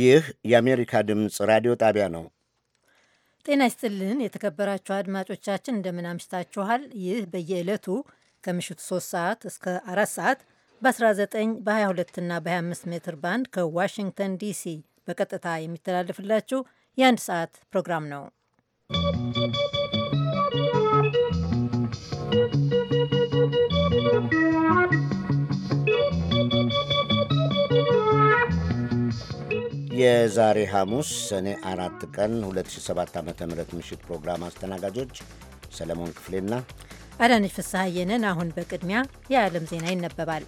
ይህ የአሜሪካ ድምፅ ራዲዮ ጣቢያ ነው። ጤና ይስጥልን የተከበራችሁ አድማጮቻችን እንደምን አምሽታችኋል። ይህ በየዕለቱ ከምሽቱ 3 ሰዓት እስከ 4 ሰዓት በ19 በ22 እና በ25 ሜትር ባንድ ከዋሽንግተን ዲሲ በቀጥታ የሚተላለፍላችሁ የአንድ ሰዓት ፕሮግራም ነው። የዛሬ ሐሙስ ሰኔ አራት ቀን 2007 ዓ ም ምሽት ፕሮግራም አስተናጋጆች ሰለሞን ክፍሌና አዳነች ፍስሐየንን። አሁን በቅድሚያ የዓለም ዜና ይነበባል።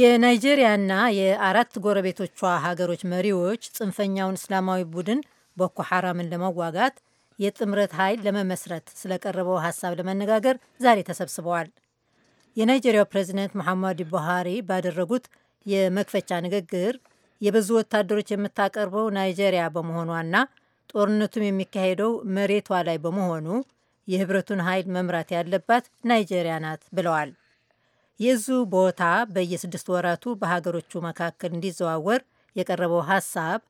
የናይጄሪያና የአራት ጎረቤቶቿ ሀገሮች መሪዎች ጽንፈኛውን እስላማዊ ቡድን ቦኮ ሐራምን ለመዋጋት የጥምረት ኃይል ለመመስረት ስለቀረበው ሀሳብ ለመነጋገር ዛሬ ተሰብስበዋል። የናይጄሪያው ፕሬዚደንት መሐመድ ቡሃሪ ባደረጉት የመክፈቻ ንግግር የብዙ ወታደሮች የምታቀርበው ናይጄሪያ በመሆኗና ጦርነቱም የሚካሄደው መሬቷ ላይ በመሆኑ የህብረቱን ኃይል መምራት ያለባት ናይጄሪያ ናት ብለዋል። የዙ ቦታ በየስድስት ወራቱ በሀገሮቹ መካከል እንዲዘዋወር የቀረበው ሀሳብ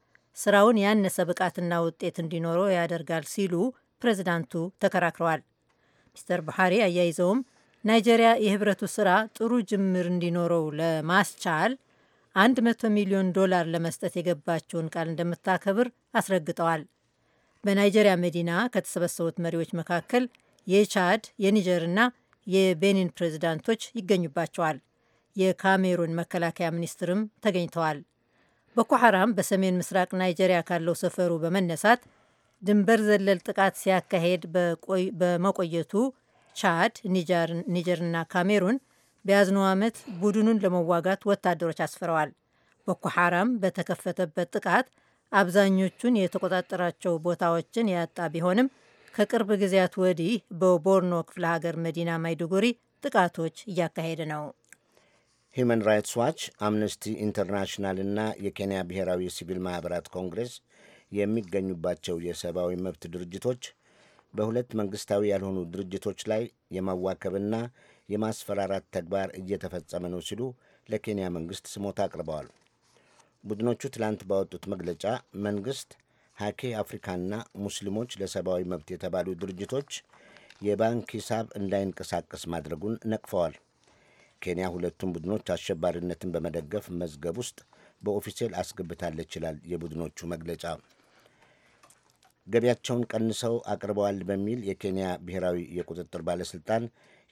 ስራውን ያነሰ ብቃትና ውጤት እንዲኖረው ያደርጋል ሲሉ ፕሬዚዳንቱ ተከራክረዋል። ሚስተር ቡሃሪ አያይዘውም ናይጄሪያ የህብረቱ ስራ ጥሩ ጅምር እንዲኖረው ለማስቻል 100 ሚሊዮን ዶላር ለመስጠት የገባቸውን ቃል እንደምታከብር አስረግጠዋል። በናይጄሪያ መዲና ከተሰበሰቡት መሪዎች መካከል የቻድ የኒጀርና የቤኒን ፕሬዚዳንቶች ይገኙባቸዋል። የካሜሩን መከላከያ ሚኒስትርም ተገኝተዋል። ቦኮ ሐራም በሰሜን ምስራቅ ናይጄሪያ ካለው ሰፈሩ በመነሳት ድንበር ዘለል ጥቃት ሲያካሄድ በመቆየቱ ቻድ፣ ኒጀርና ካሜሩን በያዝነው ዓመት ቡድኑን ለመዋጋት ወታደሮች አስፍረዋል። ቦኮ ሐራም በተከፈተበት ጥቃት አብዛኞቹን የተቆጣጠራቸው ቦታዎችን ያጣ ቢሆንም ከቅርብ ጊዜያት ወዲህ በቦርኖ ክፍለ ሀገር መዲና ማይዱጉሪ ጥቃቶች እያካሄደ ነው። ሂዩማን ራይትስ ዋች፣ አምነስቲ ኢንተርናሽናል እና የኬንያ ብሔራዊ የሲቪል ማኅበራት ኮንግሬስ የሚገኙባቸው የሰብአዊ መብት ድርጅቶች በሁለት መንግሥታዊ ያልሆኑ ድርጅቶች ላይ የማዋከብና የማስፈራራት ተግባር እየተፈጸመ ነው ሲሉ ለኬንያ መንግሥት ስሞታ አቅርበዋል። ቡድኖቹ ትላንት ባወጡት መግለጫ መንግሥት ሀኬ አፍሪካና ሙስሊሞች ለሰብአዊ መብት የተባሉ ድርጅቶች የባንክ ሂሳብ እንዳይንቀሳቀስ ማድረጉን ነቅፈዋል። ኬንያ ሁለቱም ቡድኖች አሸባሪነትን በመደገፍ መዝገብ ውስጥ በኦፊሴል አስገብታለች ይላል የቡድኖቹ መግለጫ። ገቢያቸውን ቀንሰው አቅርበዋል በሚል የኬንያ ብሔራዊ የቁጥጥር ባለሥልጣን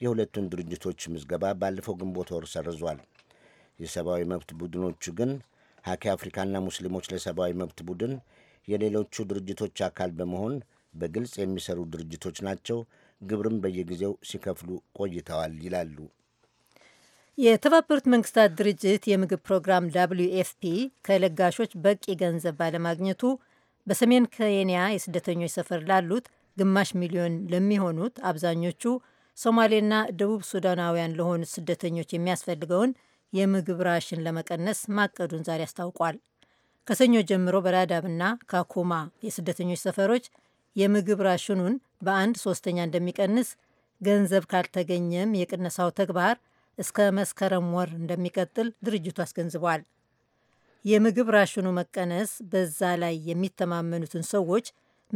የሁለቱን ድርጅቶች ምዝገባ ባለፈው ግንቦት ወር ሰርዟል። የሰብአዊ መብት ቡድኖቹ ግን ሀኪ አፍሪካና ሙስሊሞች ለሰብአዊ መብት ቡድን የሌሎቹ ድርጅቶች አካል በመሆን በግልጽ የሚሰሩ ድርጅቶች ናቸው፣ ግብርም በየጊዜው ሲከፍሉ ቆይተዋል ይላሉ። የተባበሩት መንግስታት ድርጅት የምግብ ፕሮግራም ዳብሊዩ ኤፍፒ ከለጋሾች በቂ ገንዘብ ባለማግኘቱ በሰሜን ኬንያ የስደተኞች ሰፈር ላሉት ግማሽ ሚሊዮን ለሚሆኑት አብዛኞቹ ሶማሌና ደቡብ ሱዳናውያን ለሆኑት ስደተኞች የሚያስፈልገውን የምግብ ራሽን ለመቀነስ ማቀዱን ዛሬ አስታውቋል። ከሰኞ ጀምሮ በዳዳብና ካኩማ የስደተኞች ሰፈሮች የምግብ ራሽኑን በአንድ ሶስተኛ እንደሚቀንስ፣ ገንዘብ ካልተገኘም የቅነሳው ተግባር እስከ መስከረም ወር እንደሚቀጥል ድርጅቱ አስገንዝቧል። የምግብ ራሽኑ መቀነስ በዛ ላይ የሚተማመኑትን ሰዎች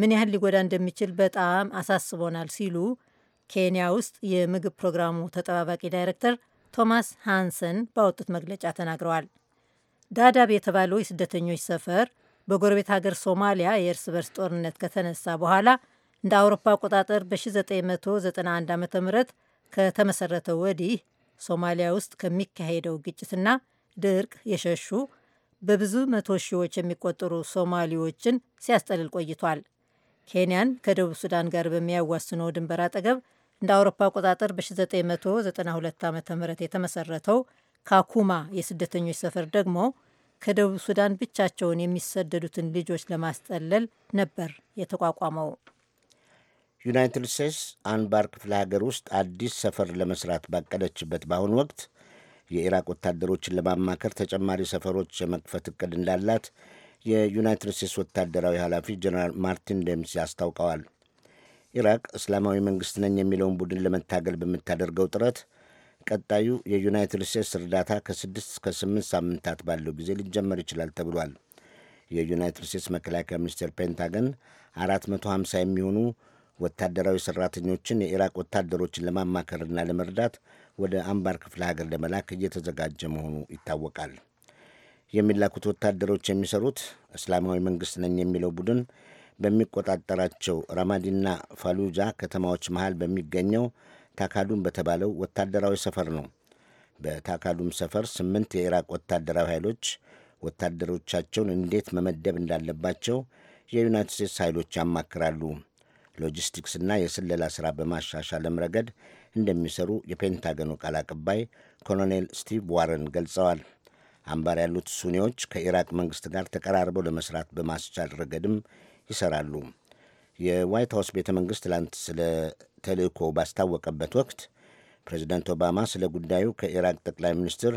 ምን ያህል ሊጎዳ እንደሚችል በጣም አሳስቦናል ሲሉ ኬንያ ውስጥ የምግብ ፕሮግራሙ ተጠባባቂ ዳይሬክተር ቶማስ ሃንሰን ባወጡት መግለጫ ተናግረዋል። ዳዳብ የተባለው የስደተኞች ሰፈር በጎረቤት ሀገር ሶማሊያ የእርስ በርስ ጦርነት ከተነሳ በኋላ እንደ አውሮፓ አቆጣጠር በ1991 ም ከተመሰረተው ወዲህ ሶማሊያ ውስጥ ከሚካሄደው ግጭትና ድርቅ የሸሹ በብዙ መቶ ሺዎች የሚቆጠሩ ሶማሌዎችን ሲያስጠልል ቆይቷል። ኬንያን ከደቡብ ሱዳን ጋር በሚያዋስነው ድንበር አጠገብ እንደ አውሮፓ አቆጣጠር በ1992 ዓ ም የተመሰረተው ካኩማ የስደተኞች ሰፈር ደግሞ ከደቡብ ሱዳን ብቻቸውን የሚሰደዱትን ልጆች ለማስጠለል ነበር የተቋቋመው። ዩናይትድ ስቴትስ አንባር ክፍለ ሀገር ውስጥ አዲስ ሰፈር ለመስራት ባቀደችበት በአሁኑ ወቅት የኢራቅ ወታደሮችን ለማማከር ተጨማሪ ሰፈሮች የመክፈት እቅድ እንዳላት የዩናይትድ ስቴትስ ወታደራዊ ኃላፊ ጀነራል ማርቲን ደምሲ አስታውቀዋል። ኢራቅ እስላማዊ መንግሥት ነኝ የሚለውን ቡድን ለመታገል በምታደርገው ጥረት ቀጣዩ የዩናይትድ ስቴትስ እርዳታ ከስድስት እስከ ስምንት ሳምንታት ባለው ጊዜ ሊጀመር ይችላል ተብሏል። የዩናይትድ ስቴትስ መከላከያ ሚኒስቴር ፔንታገን 450 የሚሆኑ ወታደራዊ ሠራተኞችን የኢራቅ ወታደሮችን ለማማከርና ለመርዳት ወደ አምባር ክፍለ ሀገር ለመላክ እየተዘጋጀ መሆኑ ይታወቃል። የሚላኩት ወታደሮች የሚሰሩት እስላማዊ መንግሥት ነኝ የሚለው ቡድን በሚቆጣጠራቸው ራማዲና ፋሉጃ ከተማዎች መሃል በሚገኘው ታካዱም በተባለው ወታደራዊ ሰፈር ነው። በታካዱም ሰፈር ስምንት የኢራቅ ወታደራዊ ኃይሎች ወታደሮቻቸውን እንዴት መመደብ እንዳለባቸው የዩናይትድ ስቴትስ ኃይሎች ያማክራሉ። ሎጂስቲክስና የስለላ ሥራ በማሻሻልም ረገድ እንደሚሰሩ የፔንታገኑ ቃል አቀባይ ኮሎኔል ስቲቭ ዋረን ገልጸዋል። አምባር ያሉት ሱኒዎች ከኢራቅ መንግስት ጋር ተቀራርበው ለመስራት በማስቻል ረገድም ይሰራሉ። የዋይት ሀውስ ቤተ መንግሥት ትላንት ስለ ተልእኮ ባስታወቀበት ወቅት ፕሬዚደንት ኦባማ ስለ ጉዳዩ ከኢራቅ ጠቅላይ ሚኒስትር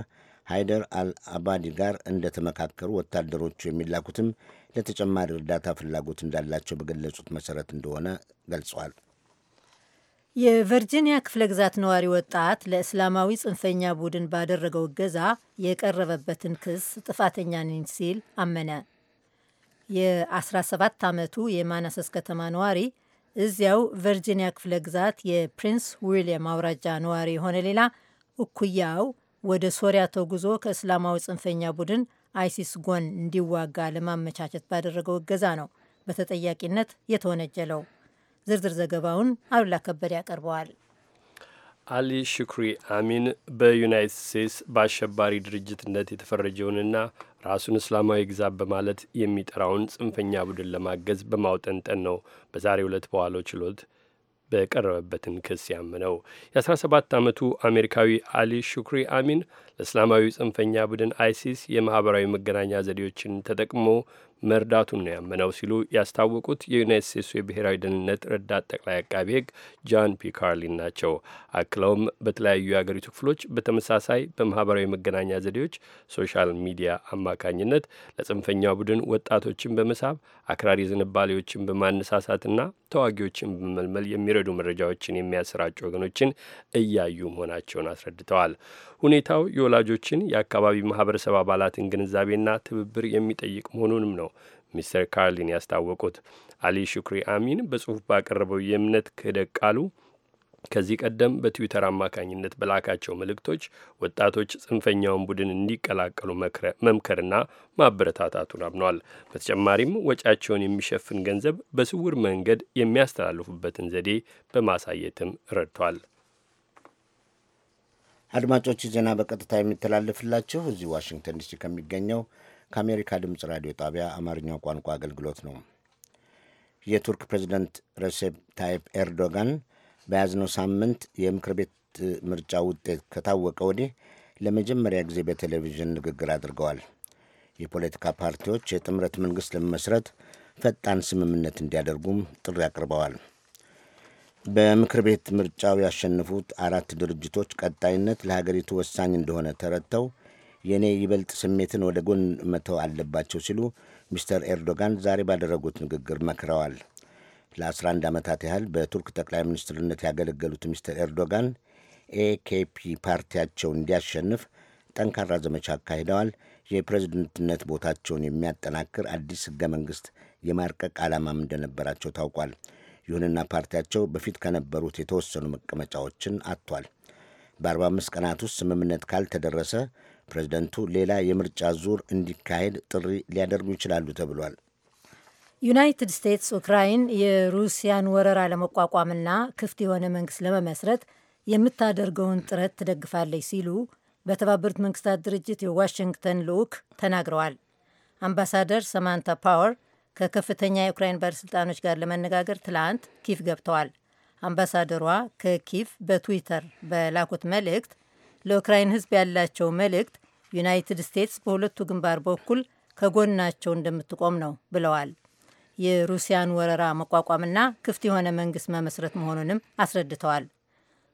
ሃይደር አልአባዲ ጋር እንደተመካከሩ ወታደሮቹ የሚላኩትም ለተጨማሪ እርዳታ ፍላጎት እንዳላቸው በገለጹት መሠረት እንደሆነ ገልጸዋል። የቨርጂኒያ ክፍለ ግዛት ነዋሪ ወጣት ለእስላማዊ ጽንፈኛ ቡድን ባደረገው እገዛ የቀረበበትን ክስ ጥፋተኛ ነኝ ሲል አመነ። የ17 ዓመቱ የማናሰስ ከተማ ነዋሪ እዚያው ቨርጂኒያ ክፍለ ግዛት የፕሪንስ ዊልያም አውራጃ ነዋሪ የሆነ ሌላ እኩያው ወደ ሶሪያ ተጉዞ ከእስላማዊ ጽንፈኛ ቡድን አይሲስ ጎን እንዲዋጋ ለማመቻቸት ባደረገው እገዛ ነው በተጠያቂነት የተወነጀለው። ዝርዝር ዘገባውን አሉላ ከበደ ያቀርበዋል። አሊ ሹክሪ አሚን በዩናይትድ ስቴትስ በአሸባሪ ድርጅትነት የተፈረጀውንና ራሱን እስላማዊ ግዛት በማለት የሚጠራውን ጽንፈኛ ቡድን ለማገዝ በማውጠንጠን ነው በዛሬ ዕለት በዋለው ችሎት በቀረበበትን ክስ ያምነው የ17 ዓመቱ አሜሪካዊ አሊ ሹክሪ አሚን ለእስላማዊ ጽንፈኛ ቡድን አይሲስ የማኅበራዊ መገናኛ ዘዴዎችን ተጠቅሞ መርዳቱን ነው ያመነው ሲሉ ያስታወቁት የዩናይት ስቴትሱ የብሔራዊ ደህንነት ረዳት ጠቅላይ አቃቤ ሕግ ጃን ፒ ካርሊን ናቸው። አክለውም በተለያዩ የአገሪቱ ክፍሎች በተመሳሳይ በማህበራዊ መገናኛ ዘዴዎች ሶሻል ሚዲያ አማካኝነት ለጽንፈኛ ቡድን ወጣቶችን በመሳብ አክራሪ ዝንባሌዎችን በማነሳሳትና ተዋጊዎችን በመመልመል የሚረዱ መረጃዎችን የሚያሰራጩ ወገኖችን እያዩ መሆናቸውን አስረድተዋል። ሁኔታው የወላጆችን የአካባቢ ማህበረሰብ አባላትን ግንዛቤና ትብብር የሚጠይቅ መሆኑንም ነው ሚስተር ካርሊን ያስታወቁት። አሊ ሹክሪ አሚን በጽሁፍ ባቀረበው የእምነት ክህደት ቃሉ ከዚህ ቀደም በትዊተር አማካኝነት በላካቸው መልእክቶች ወጣቶች ጽንፈኛውን ቡድን እንዲቀላቀሉ መምከርና ማበረታታቱን አምኗል። በተጨማሪም ወጪያቸውን የሚሸፍን ገንዘብ በስውር መንገድ የሚያስተላልፉበትን ዘዴ በማሳየትም ረድቷል። አድማጮች ዜና በቀጥታ የሚተላለፍላችሁ እዚህ ዋሽንግተን ዲሲ ከሚገኘው ከአሜሪካ ድምፅ ራዲዮ ጣቢያ አማርኛው ቋንቋ አገልግሎት ነው። የቱርክ ፕሬዚደንት ረሴፕ ታይፕ ኤርዶጋን በያዝነው ሳምንት የምክር ቤት ምርጫ ውጤት ከታወቀ ወዲህ ለመጀመሪያ ጊዜ በቴሌቪዥን ንግግር አድርገዋል። የፖለቲካ ፓርቲዎች የጥምረት መንግሥት ለመመስረት ፈጣን ስምምነት እንዲያደርጉም ጥሪ አቅርበዋል። በምክር ቤት ምርጫው ያሸነፉት አራት ድርጅቶች ቀጣይነት ለሀገሪቱ ወሳኝ እንደሆነ ተረድተው የእኔ ይበልጥ ስሜትን ወደ ጎን መተው አለባቸው ሲሉ ሚስተር ኤርዶጋን ዛሬ ባደረጉት ንግግር መክረዋል። ለ11 ዓመታት ያህል በቱርክ ጠቅላይ ሚኒስትርነት ያገለገሉት ሚስተር ኤርዶጋን ኤኬፒ ፓርቲያቸው እንዲያሸንፍ ጠንካራ ዘመቻ አካሂደዋል። የፕሬዝደንትነት ቦታቸውን የሚያጠናክር አዲስ ሕገ መንግሥት የማርቀቅ ዓላማም እንደነበራቸው ታውቋል። ይሁንና ፓርቲያቸው በፊት ከነበሩት የተወሰኑ መቀመጫዎችን አጥቷል። በ45 ቀናት ውስጥ ስምምነት ካልተደረሰ ፕሬዚደንቱ ሌላ የምርጫ ዙር እንዲካሄድ ጥሪ ሊያደርጉ ይችላሉ ተብሏል። ዩናይትድ ስቴትስ ኡክራይን የሩሲያን ወረራ ለመቋቋምና ክፍት የሆነ መንግስት ለመመስረት የምታደርገውን ጥረት ትደግፋለች ሲሉ በተባበሩት መንግስታት ድርጅት የዋሽንግተን ልዑክ ተናግረዋል። አምባሳደር ሰማንታ ፓወር ከከፍተኛ የኡክራይን ባለሥልጣኖች ጋር ለመነጋገር ትላንት ኪፍ ገብተዋል። አምባሳደሯ ከኪፍ በትዊተር በላኩት መልእክት ለኡክራይን ሕዝብ ያላቸው መልእክት ዩናይትድ ስቴትስ በሁለቱ ግንባር በኩል ከጎናቸው እንደምትቆም ነው ብለዋል። የሩሲያን ወረራ መቋቋምና ክፍት የሆነ መንግስት መመስረት መሆኑንም አስረድተዋል።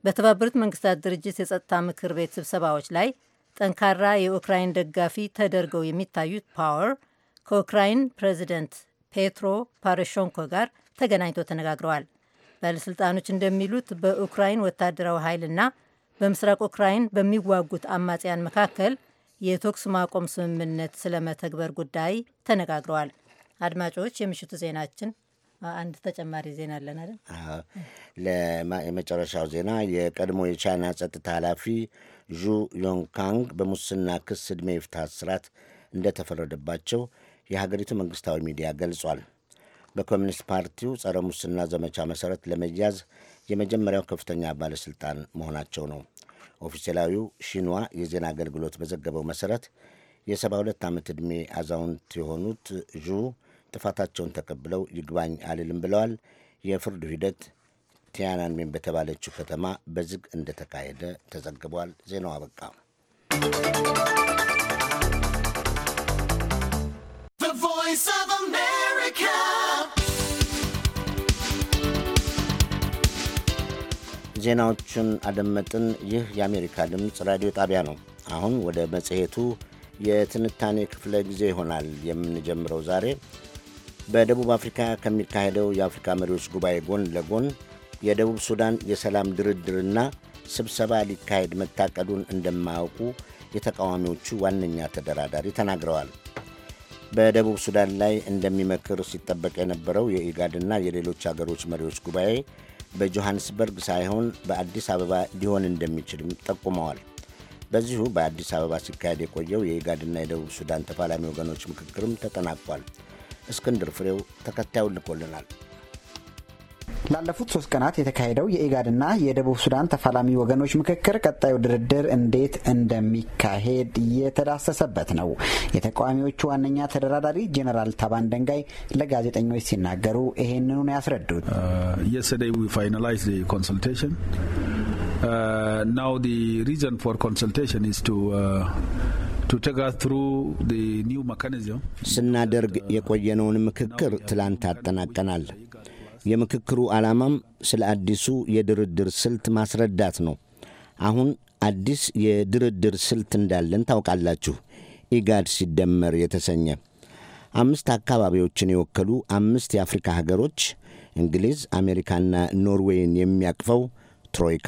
በተባበሩት መንግስታት ድርጅት የጸጥታ ምክር ቤት ስብሰባዎች ላይ ጠንካራ የኡክራይን ደጋፊ ተደርገው የሚታዩት ፓወር ከኡክራይን ፕሬዚደንት ፔትሮ ፖሮሼንኮ ጋር ተገናኝቶ ተነጋግረዋል። ባለሥልጣኖች እንደሚሉት በኡክራይን ወታደራዊ ኃይልና በምስራቅ ኡክራይን በሚዋጉት አማጽያን መካከል የተኩስ ማቆም ስምምነት ስለመተግበር ጉዳይ ተነጋግረዋል። አድማጮች፣ የምሽቱ ዜናችን አንድ ተጨማሪ ዜና አለን አይደል? የመጨረሻው ዜና የቀድሞ የቻይና ጸጥታ ኃላፊ ዡ ዮንካንግ በሙስና ክስ ዕድሜ ይፍታ እስራት እንደተፈረደባቸው የሀገሪቱ መንግስታዊ ሚዲያ ገልጿል። በኮሚኒስት ፓርቲው ጸረ ሙስና ዘመቻ መሠረት ለመያዝ የመጀመሪያው ከፍተኛ ባለሥልጣን መሆናቸው ነው። ኦፊሴላዊው ሺንዋ የዜና አገልግሎት በዘገበው መሰረት የ72 ዓመት ዕድሜ አዛውንት የሆኑት ዡ ጥፋታቸውን ተቀብለው ይግባኝ አልልም ብለዋል። የፍርዱ ሂደት ቲያናንሜን በተባለችው ከተማ በዝግ እንደተካሄደ ተዘግቧል። ዜናው አበቃ። ቮይስ ኦፍ አሜሪካ ዜናዎቹን አደመጥን። ይህ የአሜሪካ ድምፅ ራዲዮ ጣቢያ ነው። አሁን ወደ መጽሔቱ የትንታኔ ክፍለ ጊዜ ይሆናል የምንጀምረው። ዛሬ በደቡብ አፍሪካ ከሚካሄደው የአፍሪካ መሪዎች ጉባኤ ጎን ለጎን የደቡብ ሱዳን የሰላም ድርድርና ስብሰባ ሊካሄድ መታቀዱን እንደማያውቁ የተቃዋሚዎቹ ዋነኛ ተደራዳሪ ተናግረዋል። በደቡብ ሱዳን ላይ እንደሚመክር ሲጠበቅ የነበረው የኢጋድና የሌሎች አገሮች መሪዎች ጉባኤ በጆሐንስበርግ ሳይሆን በአዲስ አበባ ሊሆን እንደሚችልም ጠቁመዋል። በዚሁ በአዲስ አበባ ሲካሄድ የቆየው የኢጋድና የደቡብ ሱዳን ተፋላሚ ወገኖች ምክክርም ተጠናቋል። እስክንድር ፍሬው ተከታዩን ልኮልናል። ላለፉት ሶስት ቀናት የተካሄደው የኢጋድና የደቡብ ሱዳን ተፋላሚ ወገኖች ምክክር ቀጣዩ ድርድር እንዴት እንደሚካሄድ የተዳሰሰበት ነው። የተቃዋሚዎቹ ዋነኛ ተደራዳሪ ጀኔራል ታባን ደንጋይ ለጋዜጠኞች ሲናገሩ ይሄንኑ ነው ያስረዱት። uh, uh, uh, ስናደርግ የቆየነውን ምክክር ትላንት አጠናቀናል። የምክክሩ ዓላማም ስለ አዲሱ የድርድር ስልት ማስረዳት ነው። አሁን አዲስ የድርድር ስልት እንዳለን ታውቃላችሁ። ኢጋድ ሲደመር የተሰኘ አምስት አካባቢዎችን የወከሉ አምስት የአፍሪካ ሀገሮች እንግሊዝ፣ አሜሪካና ኖርዌይን የሚያቅፈው ትሮይካ፣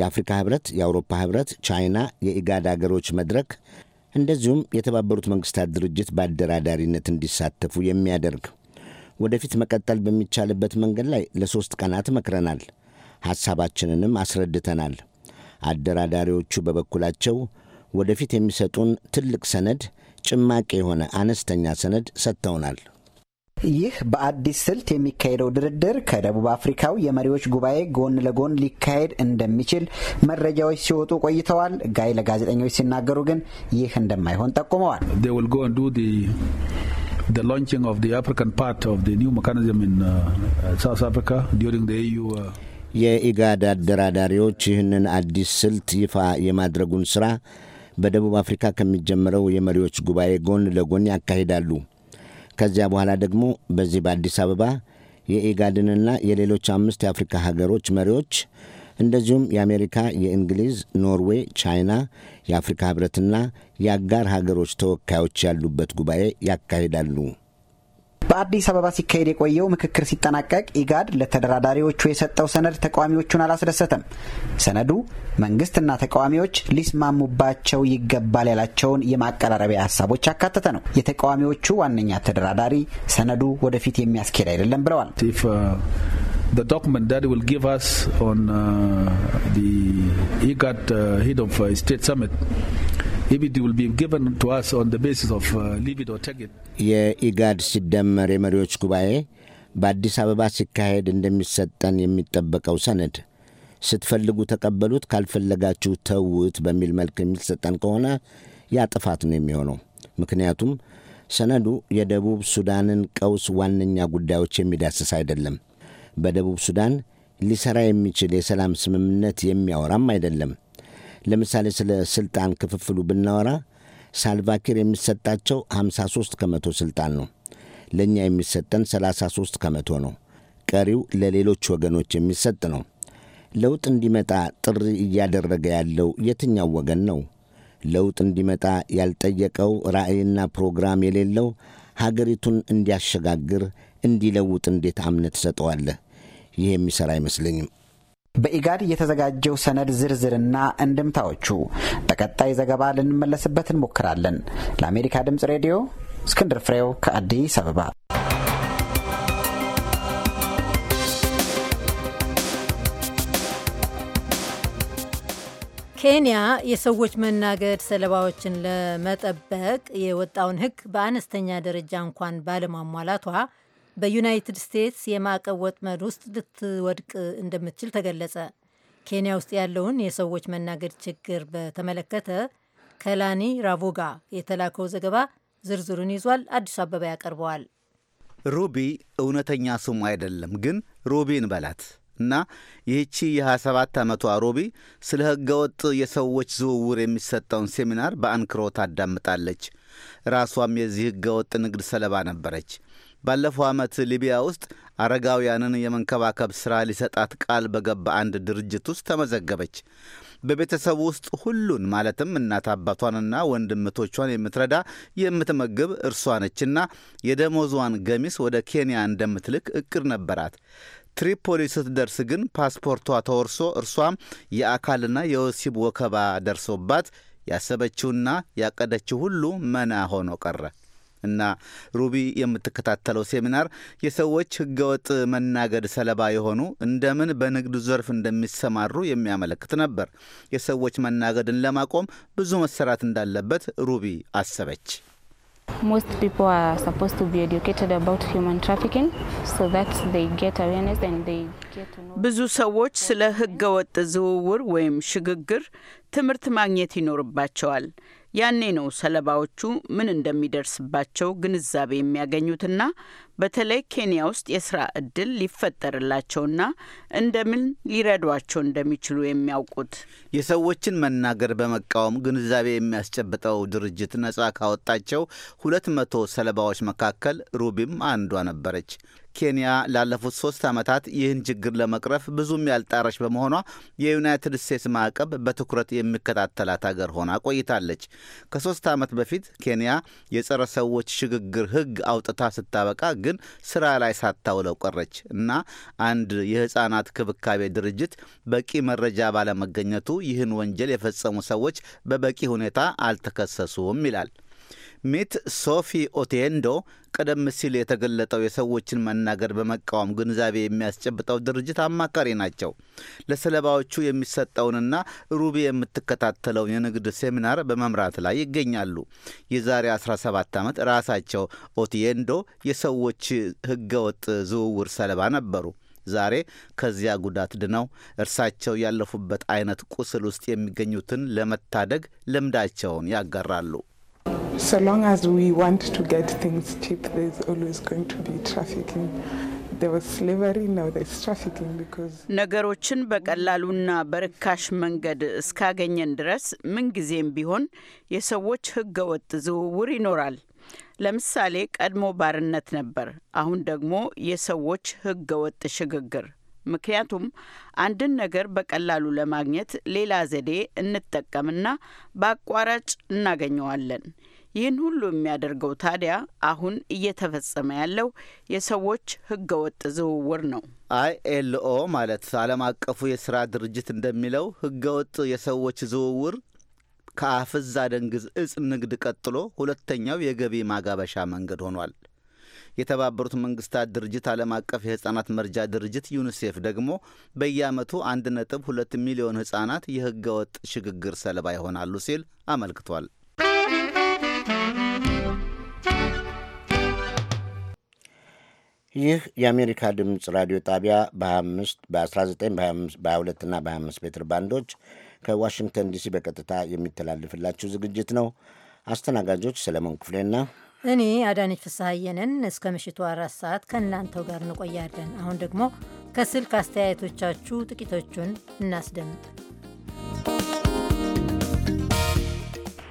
የአፍሪካ ህብረት፣ የአውሮፓ ህብረት፣ ቻይና፣ የኢጋድ አገሮች መድረክ እንደዚሁም የተባበሩት መንግስታት ድርጅት በአደራዳሪነት እንዲሳተፉ የሚያደርግ ወደፊት መቀጠል በሚቻልበት መንገድ ላይ ለሦስት ቀናት መክረናል። ሐሳባችንንም አስረድተናል። አደራዳሪዎቹ በበኩላቸው ወደፊት የሚሰጡን ትልቅ ሰነድ ጭማቂ የሆነ አነስተኛ ሰነድ ሰጥተውናል። ይህ በአዲስ ስልት የሚካሄደው ድርድር ከደቡብ አፍሪካው የመሪዎች ጉባኤ ጎን ለጎን ሊካሄድ እንደሚችል መረጃዎች ሲወጡ ቆይተዋል። ጋይ ለጋዜጠኞች ሲናገሩ ግን ይህ እንደማይሆን ጠቁመዋል። the launching of the African part of the new mechanism in uh, uh South Africa during the EU. Uh, የኢጋድ አደራዳሪዎች ይህንን አዲስ ስልት ይፋ የማድረጉን ሥራ በደቡብ አፍሪካ ከሚጀመረው የመሪዎች ጉባኤ ጎን ለጎን ያካሂዳሉ። ከዚያ በኋላ ደግሞ በዚህ በአዲስ አበባ የኢጋድንና የሌሎች አምስት የአፍሪካ ሀገሮች መሪዎች እንደዚሁም የአሜሪካ፣ የእንግሊዝ፣ ኖርዌይ፣ ቻይና፣ የአፍሪካ ህብረትና የአጋር ሀገሮች ተወካዮች ያሉበት ጉባኤ ያካሂዳሉ። በአዲስ አበባ ሲካሄድ የቆየው ምክክር ሲጠናቀቅ ኢጋድ ለተደራዳሪዎቹ የሰጠው ሰነድ ተቃዋሚዎቹን አላስደሰተም። ሰነዱ መንግስትና ተቃዋሚዎች ሊስማሙባቸው ይገባል ያላቸውን የማቀራረቢያ ሀሳቦች ያካተተ ነው። የተቃዋሚዎቹ ዋነኛ ተደራዳሪ ሰነዱ ወደፊት የሚያስኬድ አይደለም ብለዋል። uh, the document that will give us on uh, the uh, head of uh, state summit የኢጋድ ሲደመር የመሪዎች ጉባኤ በአዲስ አበባ ሲካሄድ እንደሚሰጠን የሚጠበቀው ሰነድ ስትፈልጉ ተቀበሉት፣ ካልፈለጋችሁ ተውት በሚል መልክ የሚሰጠን ከሆነ ያ ጥፋት ነው የሚሆነው። ምክንያቱም ሰነዱ የደቡብ ሱዳንን ቀውስ ዋነኛ ጉዳዮች የሚዳስስ አይደለም። በደቡብ ሱዳን ሊሰራ የሚችል የሰላም ስምምነት የሚያወራም አይደለም። ለምሳሌ ስለ ስልጣን ክፍፍሉ ብናወራ ሳልቫኪር የሚሰጣቸው 53 ከመቶ ስልጣን ነው። ለእኛ የሚሰጠን 33 ከመቶ ነው። ቀሪው ለሌሎች ወገኖች የሚሰጥ ነው። ለውጥ እንዲመጣ ጥሪ እያደረገ ያለው የትኛው ወገን ነው? ለውጥ እንዲመጣ ያልጠየቀው ራዕይና ፕሮግራም የሌለው ሀገሪቱን እንዲያሸጋግር እንዲለውጥ እንዴት አምነት ትሰጠዋለህ? ይህ የሚሰራ አይመስለኝም። በኢጋድ የተዘጋጀው ሰነድ ዝርዝርና እንድምታዎቹ በቀጣይ ዘገባ ልንመለስበት እንሞክራለን። ለአሜሪካ ድምፅ ሬዲዮ እስክንድር ፍሬው ከአዲስ አበባ። ኬንያ የሰዎች መናገድ ሰለባዎችን ለመጠበቅ የወጣውን ሕግ በአነስተኛ ደረጃ እንኳን ባለማሟላቷ በዩናይትድ ስቴትስ የማዕቀብ ወጥመድ ውስጥ ልትወድቅ እንደምትችል ተገለጸ። ኬንያ ውስጥ ያለውን የሰዎች መናገድ ችግር በተመለከተ ከላኒ ራቮጋ የተላከው ዘገባ ዝርዝሩን ይዟል። አዲሱ አበባ ያቀርበዋል። ሩቢ እውነተኛ ስሙ አይደለም፣ ግን ሩቢን በላት እና ይህቺ የ27 ዓመቷ ሩቢ ስለ ህገወጥ የሰዎች ዝውውር የሚሰጠውን ሴሚናር በአንክሮ ታዳምጣለች። ራሷም የዚህ ህገወጥ ንግድ ሰለባ ነበረች። ባለፈው ዓመት ሊቢያ ውስጥ አረጋውያንን የመንከባከብ ሥራ ሊሰጣት ቃል በገባ አንድ ድርጅት ውስጥ ተመዘገበች። በቤተሰቡ ውስጥ ሁሉን ማለትም እናት አባቷንና ወንድምቶቿን የምትረዳ የምትመግብ እርሷ ነችና የደሞዟን ገሚስ ወደ ኬንያ እንደምትልክ እቅድ ነበራት። ትሪፖሊ ስትደርስ ግን ፓስፖርቷ ተወርሶ እርሷም የአካልና የወሲብ ወከባ ደርሶባት ያሰበችውና ያቀደችው ሁሉ መና ሆኖ ቀረ። እና ሩቢ የምትከታተለው ሴሚናር የሰዎች ህገወጥ መናገድ ሰለባ የሆኑ እንደምን በንግዱ ዘርፍ እንደሚሰማሩ የሚያመለክት ነበር። የሰዎች መናገድን ለማቆም ብዙ መሰራት እንዳለበት ሩቢ አሰበች። ብዙ ሰዎች ስለ ህገወጥ ዝውውር ወይም ሽግግር ትምህርት ማግኘት ይኖርባቸዋል። ያኔ ነው ሰለባዎቹ ምን እንደሚደርስባቸው ግንዛቤ የሚያገኙትና በተለይ ኬንያ ውስጥ የስራ እድል ሊፈጠርላቸውና እንደምን ሊረዷቸው እንደሚችሉ የሚያውቁት። የሰዎችን መናገር በመቃወም ግንዛቤ የሚያስጨብጠው ድርጅት ነጻ ካወጣቸው ሁለት መቶ ሰለባዎች መካከል ሩቢም አንዷ ነበረች። ኬንያ ላለፉት ሶስት ዓመታት ይህን ችግር ለመቅረፍ ብዙም ያልጣረች በመሆኗ የዩናይትድ ስቴትስ ማዕቀብ በትኩረት የሚከታተላት አገር ሆና ቆይታለች። ከሶስት ዓመት በፊት ኬንያ የጸረ ሰዎች ሽግግር ሕግ አውጥታ ስታበቃ ግን ስራ ላይ ሳታውለው ቀረች እና አንድ የሕፃናት ክብካቤ ድርጅት በቂ መረጃ ባለመገኘቱ ይህን ወንጀል የፈጸሙ ሰዎች በበቂ ሁኔታ አልተከሰሱም ይላል። ሚት ሶፊ ኦቴንዶ ቀደም ሲል የተገለጠው የሰዎችን መናገር በመቃወም ግንዛቤ የሚያስጨብጠው ድርጅት አማካሪ ናቸው። ለሰለባዎቹ የሚሰጠውንና ሩቢ የምትከታተለውን የንግድ ሴሚናር በመምራት ላይ ይገኛሉ። የዛሬ 17 ዓመት ራሳቸው ኦቴንዶ የሰዎች ህገወጥ ዝውውር ሰለባ ነበሩ። ዛሬ ከዚያ ጉዳት ድነው እርሳቸው ያለፉበት አይነት ቁስል ውስጥ የሚገኙትን ለመታደግ ልምዳቸውን ያጋራሉ። So long as we want to get things cheap, there's always going to be trafficking. ነገሮችን በቀላሉና በርካሽ መንገድ እስካገኘን ድረስ ምንጊዜም ቢሆን የሰዎች ህገወጥ ዝውውር ይኖራል። ለምሳሌ ቀድሞ ባርነት ነበር፣ አሁን ደግሞ የሰዎች ህገወጥ ሽግግር። ምክንያቱም አንድን ነገር በቀላሉ ለማግኘት ሌላ ዘዴ እንጠቀምና በአቋራጭ እናገኘዋለን። ይህን ሁሉ የሚያደርገው ታዲያ አሁን እየተፈጸመ ያለው የሰዎች ህገወጥ ዝውውር ነው። አይኤልኦ ማለት ዓለም አቀፉ የስራ ድርጅት እንደሚለው ህገወጥ የሰዎች ዝውውር ከአፍዝ አደንግዝ እጽ ንግድ ቀጥሎ ሁለተኛው የገቢ ማጋበሻ መንገድ ሆኗል። የተባበሩት መንግስታት ድርጅት ዓለም አቀፍ የሕፃናት መርጃ ድርጅት ዩኒሴፍ ደግሞ በየአመቱ 1.2 ሚሊዮን ሕፃናት የህገወጥ ሽግግር ሰለባ ይሆናሉ ሲል አመልክቷል። ይህ የአሜሪካ ድምፅ ራዲዮ ጣቢያ በ19 በ22 እና በ25 ሜትር ባንዶች ከዋሽንግተን ዲሲ በቀጥታ የሚተላልፍላችሁ ዝግጅት ነው። አስተናጋጆች ሰለሞን ክፍሌና እኔ አዳነች ፍስሐየንን እስከ ምሽቱ አራት ሰዓት ከእናንተው ጋር እንቆያለን። አሁን ደግሞ ከስልክ አስተያየቶቻችሁ ጥቂቶቹን እናስደምጥ።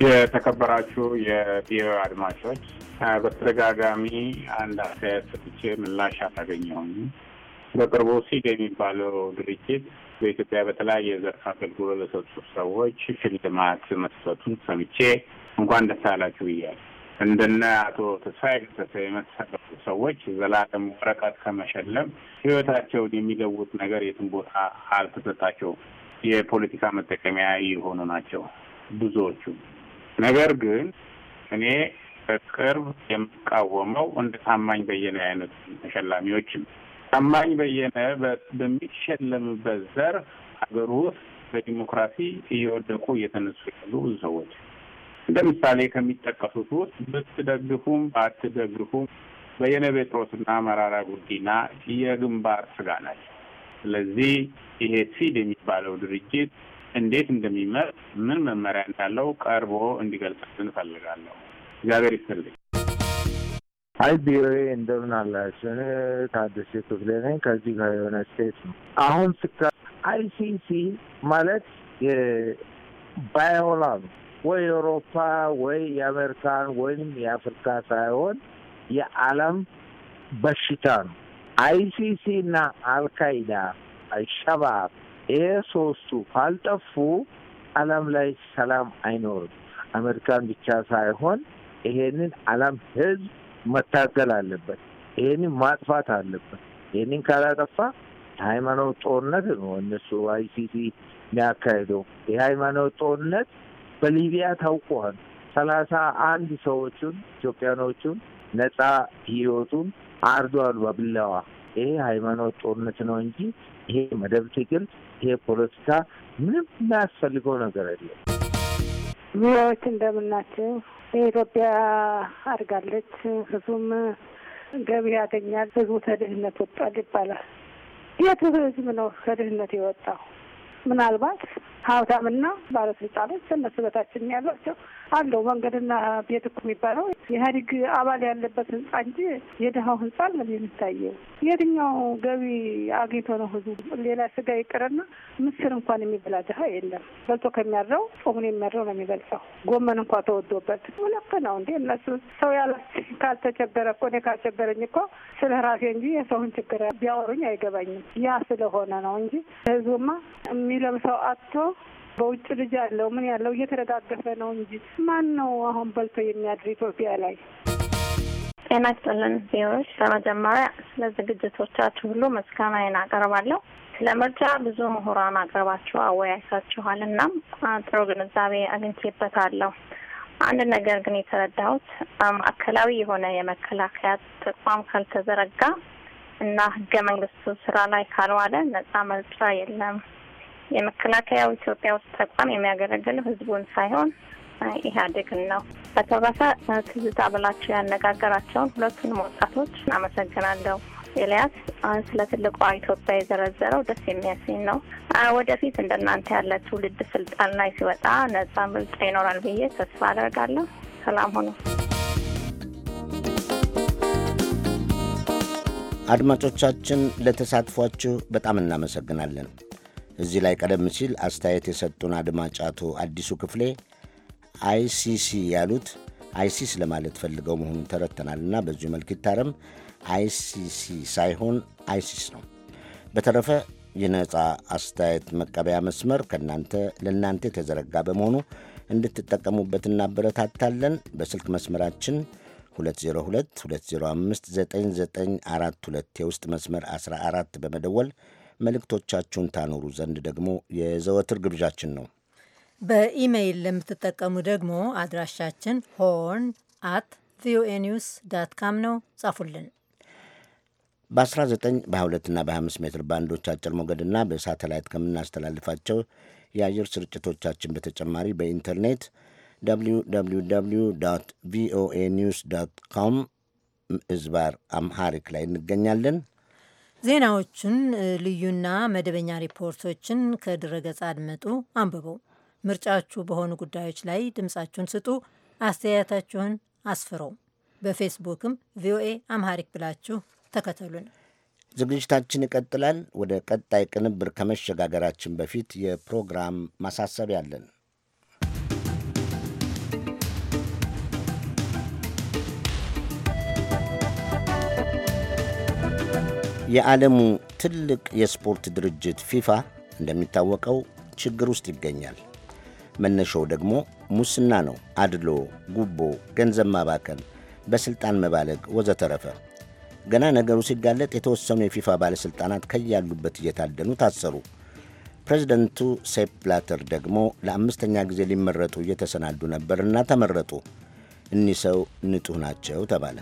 የተከበራችሁ የቪኦኤ አድማጮች በተደጋጋሚ አንድ አስተያየት ሰጥቼ ምላሽ አላገኘሁም። በቅርቡ ሲድ የሚባለው ድርጅት በኢትዮጵያ በተለያየ ዘርፍ አገልግሎት ለሰጡ ሰዎች ሽልማት መስጠቱን ሰምቼ እንኳን ደስ አላችሁ ብያለሁ። እንደነ አቶ ተስፋዬ ገሰሰ የመሰሉ ሰዎች ዘላለም ወረቀት ከመሸለም ህይወታቸውን የሚለውጥ ነገር የትም ቦታ አልተሰጣቸውም። የፖለቲካ መጠቀሚያ የሆኑ ናቸው ብዙዎቹ። ነገር ግን እኔ በቅርብ የምቃወመው እንደ ታማኝ በየነ አይነት ተሸላሚዎችም ታማኝ በየነ በሚሸለምበት ዘርፍ ሀገር ውስጥ በዲሞክራሲ እየወደቁ እየተነሱ ያሉ ብዙ ሰዎች እንደ ምሳሌ ከሚጠቀሱት ውስጥ ብትደግፉም ባትደግፉም በየነ ጴጥሮስና መራራ ጉዲና የግንባር ስጋ ናቸው። ስለዚህ ይሄ ሲድ የሚባለው ድርጅት እንዴት እንደሚመርጥ ምን መመሪያ እንዳለው ቀርቦ እንዲገልጽ እንፈልጋለሁ። እግዚአብሔር ይስጥልኝ። አይ ቢሮዬ እንደምን አላችሁ? እኔ ታደሴ ክፍሌ ነኝ። ከዚህ ጋር የሆነ ስቴት ነው። አሁን ስከ አይሲሲ ማለት ባይሆላ ነው ወይ የአውሮፓ ወይ የአሜሪካን ወይም የአፍሪካ ሳይሆን የዓለም በሽታ ነው። አይሲሲ እና አልካይዳ፣ አልሸባብ ይሄ ሶስቱ ካልጠፉ ዓለም ላይ ሰላም አይኖርም። አሜሪካን ብቻ ሳይሆን ይሄንን አላም ህዝብ መታገል አለበት። ይሄንን ማጥፋት አለበት። ይሄንን ካላጠፋ የሃይማኖት ጦርነት ነው እነሱ አይሲሲ የሚያካሄደው። የሃይማኖት ጦርነት በሊቢያ ታውቋል። ሰላሳ አንድ ሰዎቹን ኢትዮጵያኖቹን ነጻ ህይወቱን አርዷል በብላዋ። ይሄ ሃይማኖት ጦርነት ነው እንጂ ይሄ መደብ ትግል፣ ይሄ ፖለቲካ ምንም የሚያስፈልገው ነገር የለም። ሚዎች እንደምናቸው የኢትዮጵያ አድርጋለች ህዝቡም ገቢ ያገኛል፣ ህዝቡ ከድህነት ወጥቷል ይባላል። የት ህዝብ ነው ከድህነት የወጣው? ምናልባት ሀብታምና ባለስልጣኖች እነሱ በታች ያሏቸው አለው። መንገድና ቤት እኮ የሚባለው የኢህአዴግ አባል ያለበት ህንጻ እንጂ የድሀው ህንጻ አለም የሚታየው። የትኛው ገቢ አግኝቶ ነው ህዝቡ? ሌላ ስጋ ይቅርና ምስር እንኳን የሚበላ ድሀ የለም። በልቶ ከሚያድረው ጾሙን የሚያድረው ነው የሚበልጸው። ጎመን እንኳ ተወዶበት ልክ ነው እንዴ? እነሱ ሰው ያለ ካልተቸገረ እኮ እኔ ካልቸገረኝ እኮ ስለ ራሴ እንጂ የሰውን ችግር ቢያወሩኝ አይገባኝም። ያ ስለሆነ ነው እንጂ ህዝቡማ የሚለብሰው አቶ በውጭ ልጅ ያለው ምን ያለው እየተደጋገፈ ነው እንጂ ማን ነው አሁን በልቶ የሚያድር ኢትዮጵያ ላይ? ጤና ይስጥልን ዜዎች፣ በመጀመሪያ ስለ ዝግጅቶቻችሁ ሁሉ ምስጋናዬን አቀርባለሁ። ስለ ምርጫ ብዙ ምሁራን አቅርባችሁ አወያይታችኋል። እናም ጥሩ ግንዛቤ አግኝቼበታለሁ። አንድ ነገር ግን የተረዳሁት ማዕከላዊ የሆነ የመከላከያ ተቋም ካልተዘረጋ እና ህገ መንግስቱ ስራ ላይ ካልዋለ ነጻ ምርጫ የለም። የመከላከያው ኢትዮጵያ ውስጥ ተቋም የሚያገለግለው ህዝቡን ሳይሆን ኢህአዴግን ነው። በተረፈ ትዝታ ብላቸው ያነጋገራቸውን ሁለቱንም ወጣቶች አመሰግናለሁ። ኤልያስ ስለ ትልቋ ኢትዮጵያ የዘረዘረው ደስ የሚያሰኝ ነው። ወደፊት እንደናንተ ያለ ትውልድ ስልጣን ላይ ሲወጣ ነጻ ምርጫ ይኖራል ብዬ ተስፋ አደርጋለሁ። ሰላም ሆኖ አድማጮቻችን ለተሳትፏችሁ በጣም እናመሰግናለን። እዚህ ላይ ቀደም ሲል አስተያየት የሰጡን አድማጭ አቶ አዲሱ ክፍሌ አይሲሲ ያሉት አይሲስ ለማለት ፈልገው መሆኑን ተረድተናልና በዚሁ መልክ ይታረም። አይሲሲ ሳይሆን አይሲስ ነው። በተረፈ የነጻ አስተያየት መቀበያ መስመር ከእናንተ ለእናንተ የተዘረጋ በመሆኑ እንድትጠቀሙበት እናበረታታለን። በስልክ መስመራችን 2022059942 የውስጥ መስመር 14 በመደወል መልእክቶቻችሁን ታኖሩ ዘንድ ደግሞ የዘወትር ግብዣችን ነው። በኢሜይል ለምትጠቀሙ ደግሞ አድራሻችን ሆርን አት ቪኦኤ ኒውስ ዳት ካም ነው። ጻፉልን። በ19 በ22ና በ25 ሜትር ባንዶች አጭር ሞገድና በሳተላይት ከምናስተላልፋቸው የአየር ስርጭቶቻችን በተጨማሪ በኢንተርኔት www ቪኦኤ ኒውስ ዳት ኮም እዝባር አምሃሪክ ላይ እንገኛለን። ዜናዎቹን፣ ልዩና መደበኛ ሪፖርቶችን ከድረገጽ አድመጡ፣ አንብቡ። ምርጫችሁ በሆኑ ጉዳዮች ላይ ድምጻችሁን ስጡ፣ አስተያየታችሁን አስፍረው። በፌስቡክም ቪኦኤ አምሃሪክ ብላችሁ ተከተሉን። ዝግጅታችን ይቀጥላል። ወደ ቀጣይ ቅንብር ከመሸጋገራችን በፊት የፕሮግራም ማሳሰቢያ አለን። የዓለሙ ትልቅ የስፖርት ድርጅት ፊፋ እንደሚታወቀው ችግር ውስጥ ይገኛል። መነሻው ደግሞ ሙስና ነው። አድሎ፣ ጉቦ፣ ገንዘብ ማባከን፣ በሥልጣን መባለግ ወዘተረፈ። ገና ነገሩ ሲጋለጥ የተወሰኑ የፊፋ ባለሥልጣናት ከያሉበት እየታደኑ ታሰሩ። ፕሬዚደንቱ ሴፕ ብላተር ደግሞ ለአምስተኛ ጊዜ ሊመረጡ እየተሰናዱ ነበርና ተመረጡ። እኒህ ሰው ንጡህ ናቸው ተባለ።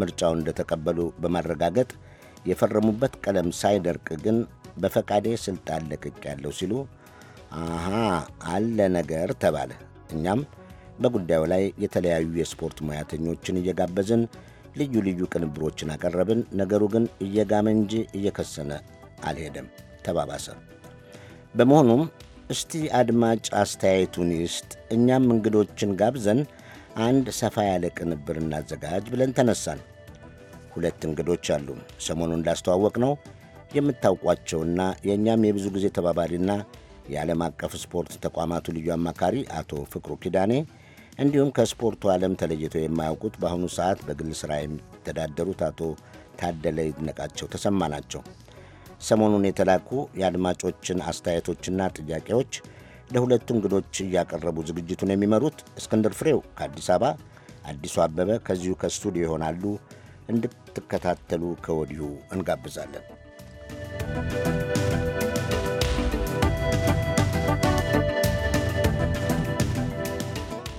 ምርጫውን እንደተቀበሉ በማረጋገጥ የፈረሙበት ቀለም ሳይደርቅ ግን በፈቃዴ ስልጣን ያለው ሲሉ አሀ አለ ነገር ተባለ። እኛም በጉዳዩ ላይ የተለያዩ የስፖርት ሙያተኞችን እየጋበዝን ልዩ ልዩ ቅንብሮችን አቀረብን። ነገሩ ግን እየጋመ እንጂ እየከሰነ አልሄደም፣ ተባባሰ። በመሆኑም እስቲ አድማጭ አስተያየቱን ይስጥ፣ እኛም እንግዶችን ጋብዘን አንድ ሰፋ ያለ ቅንብር እናዘጋጅ ብለን ተነሳን። ሁለት እንግዶች አሉ። ሰሞኑን እንዳስተዋወቅ ነው የምታውቋቸውና የእኛም የብዙ ጊዜ ተባባሪና የዓለም አቀፍ ስፖርት ተቋማቱ ልዩ አማካሪ አቶ ፍቅሩ ኪዳኔ እንዲሁም ከስፖርቱ ዓለም ተለይተው የማያውቁት በአሁኑ ሰዓት በግል ሥራ የሚተዳደሩት አቶ ታደለ ይድነቃቸው ተሰማ ናቸው። ሰሞኑን የተላኩ የአድማጮችን አስተያየቶችና ጥያቄዎች ለሁለቱ እንግዶች እያቀረቡ ዝግጅቱን የሚመሩት እስክንድር ፍሬው ከአዲስ አበባ፣ አዲሱ አበበ ከዚሁ ከስቱዲዮ ይሆናሉ። እንድትከታተሉ ከወዲሁ እንጋብዛለን።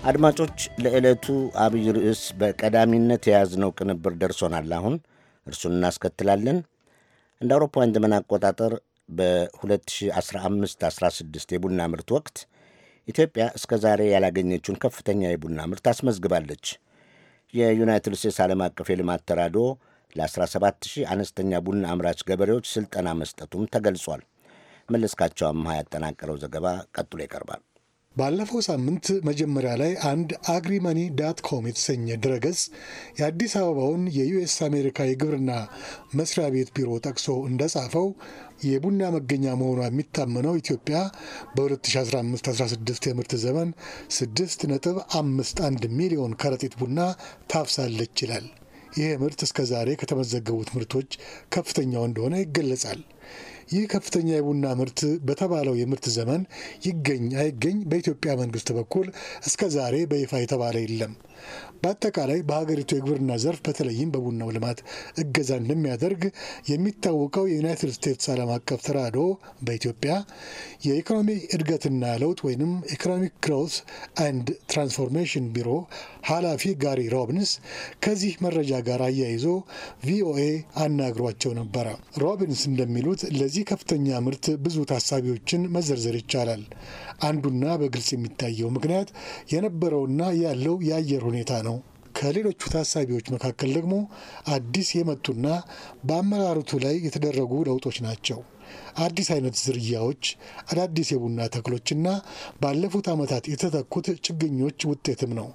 አድማጮች፣ ለዕለቱ አብይ ርዕስ በቀዳሚነት የያዝነው ቅንብር ደርሶናል። አሁን እርሱን እናስከትላለን። እንደ አውሮፓውያን ዘመን አቆጣጠር በ2015/16 የቡና ምርት ወቅት ኢትዮጵያ እስከ ዛሬ ያላገኘችውን ከፍተኛ የቡና ምርት አስመዝግባለች። የዩናይትድ ስቴትስ ዓለም አቀፍ የልማት ተራድኦ ለ17000 አነስተኛ ቡና አምራች ገበሬዎች ስልጠና መስጠቱም ተገልጿል። መለስካቸው አምሃ ያጠናቀረው ዘገባ ቀጥሎ ይቀርባል። ባለፈው ሳምንት መጀመሪያ ላይ አንድ አግሪመኒ ዳት ኮም የተሰኘ ድረገጽ የአዲስ አበባውን የዩኤስ አሜሪካ የግብርና መስሪያ ቤት ቢሮ ጠቅሶ እንደጻፈው የቡና መገኛ መሆኗ የሚታመነው ኢትዮጵያ በ2015/16 የምርት ዘመን 6.51 ሚሊዮን ከረጢት ቡና ታፍሳለች ይላል። ይህ ምርት እስከ ዛሬ ከተመዘገቡት ምርቶች ከፍተኛው እንደሆነ ይገለጻል። ይህ ከፍተኛ የቡና ምርት በተባለው የምርት ዘመን ይገኝ አይገኝ በኢትዮጵያ መንግስት በኩል እስከ ዛሬ በይፋ የተባለ የለም። በአጠቃላይ በሀገሪቱ የግብርና ዘርፍ በተለይም በቡናው ልማት እገዛ እንደሚያደርግ የሚታወቀው የዩናይትድ ስቴትስ ዓለም አቀፍ ተራድኦ በኢትዮጵያ የኢኮኖሚ እድገትና ለውጥ ወይም ኢኮኖሚክ ግሮውስ አንድ ትራንስፎርሜሽን ቢሮ ኃላፊ ጋሪ ሮቢንስ ከዚህ መረጃ ጋር አያይዞ ቪኦኤ አናግሯቸው ነበረ። ሮቢንስ እንደሚሉት ለዚህ ለዚህ ከፍተኛ ምርት ብዙ ታሳቢዎችን መዘርዘር ይቻላል። አንዱና በግልጽ የሚታየው ምክንያት የነበረውና ያለው የአየር ሁኔታ ነው። ከሌሎቹ ታሳቢዎች መካከል ደግሞ አዲስ የመጡና በአመራረቱ ላይ የተደረጉ ለውጦች ናቸው። አዲስ አይነት ዝርያዎች፣ አዳዲስ የቡና ተክሎችና ባለፉት ዓመታት የተተኩት ችግኞች ውጤትም ነው።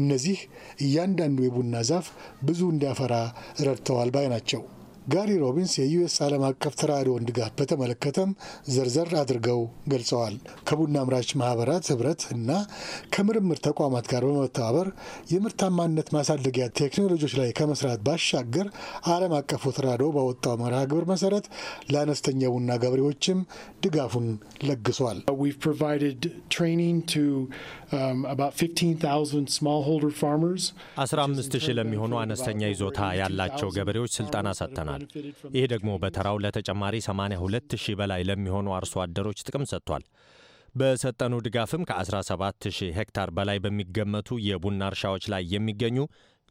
እነዚህ እያንዳንዱ የቡና ዛፍ ብዙ እንዲያፈራ ረድተዋል ባይ ናቸው። ጋሪ ሮቢንስ የዩኤስ ዓለም አቀፍ ተራድኦን ድጋፍ በተመለከተም ዘርዘር አድርገው ገልጸዋል። ከቡና አምራች ማህበራት ህብረት እና ከምርምር ተቋማት ጋር በመተባበር የምርታማነት ማሳደጊያ ቴክኖሎጂዎች ላይ ከመስራት ባሻገር ዓለም አቀፉ ተራድኦ ባወጣው መርሃ ግብር መሰረት ለአነስተኛ ቡና ገበሬዎችም ድጋፉን ለግሷል። uh, um, አስራ አምስት ሺህ ለሚሆኑ አነስተኛ ይዞታ ያላቸው ገበሬዎች ስልጠና ሰጥተናል። ይሆናል። ይህ ደግሞ በተራው ለተጨማሪ 82 ሺህ በላይ ለሚሆኑ አርሶ አደሮች ጥቅም ሰጥቷል። በሰጠኑ ድጋፍም ከ17 ሺህ ሄክታር በላይ በሚገመቱ የቡና እርሻዎች ላይ የሚገኙ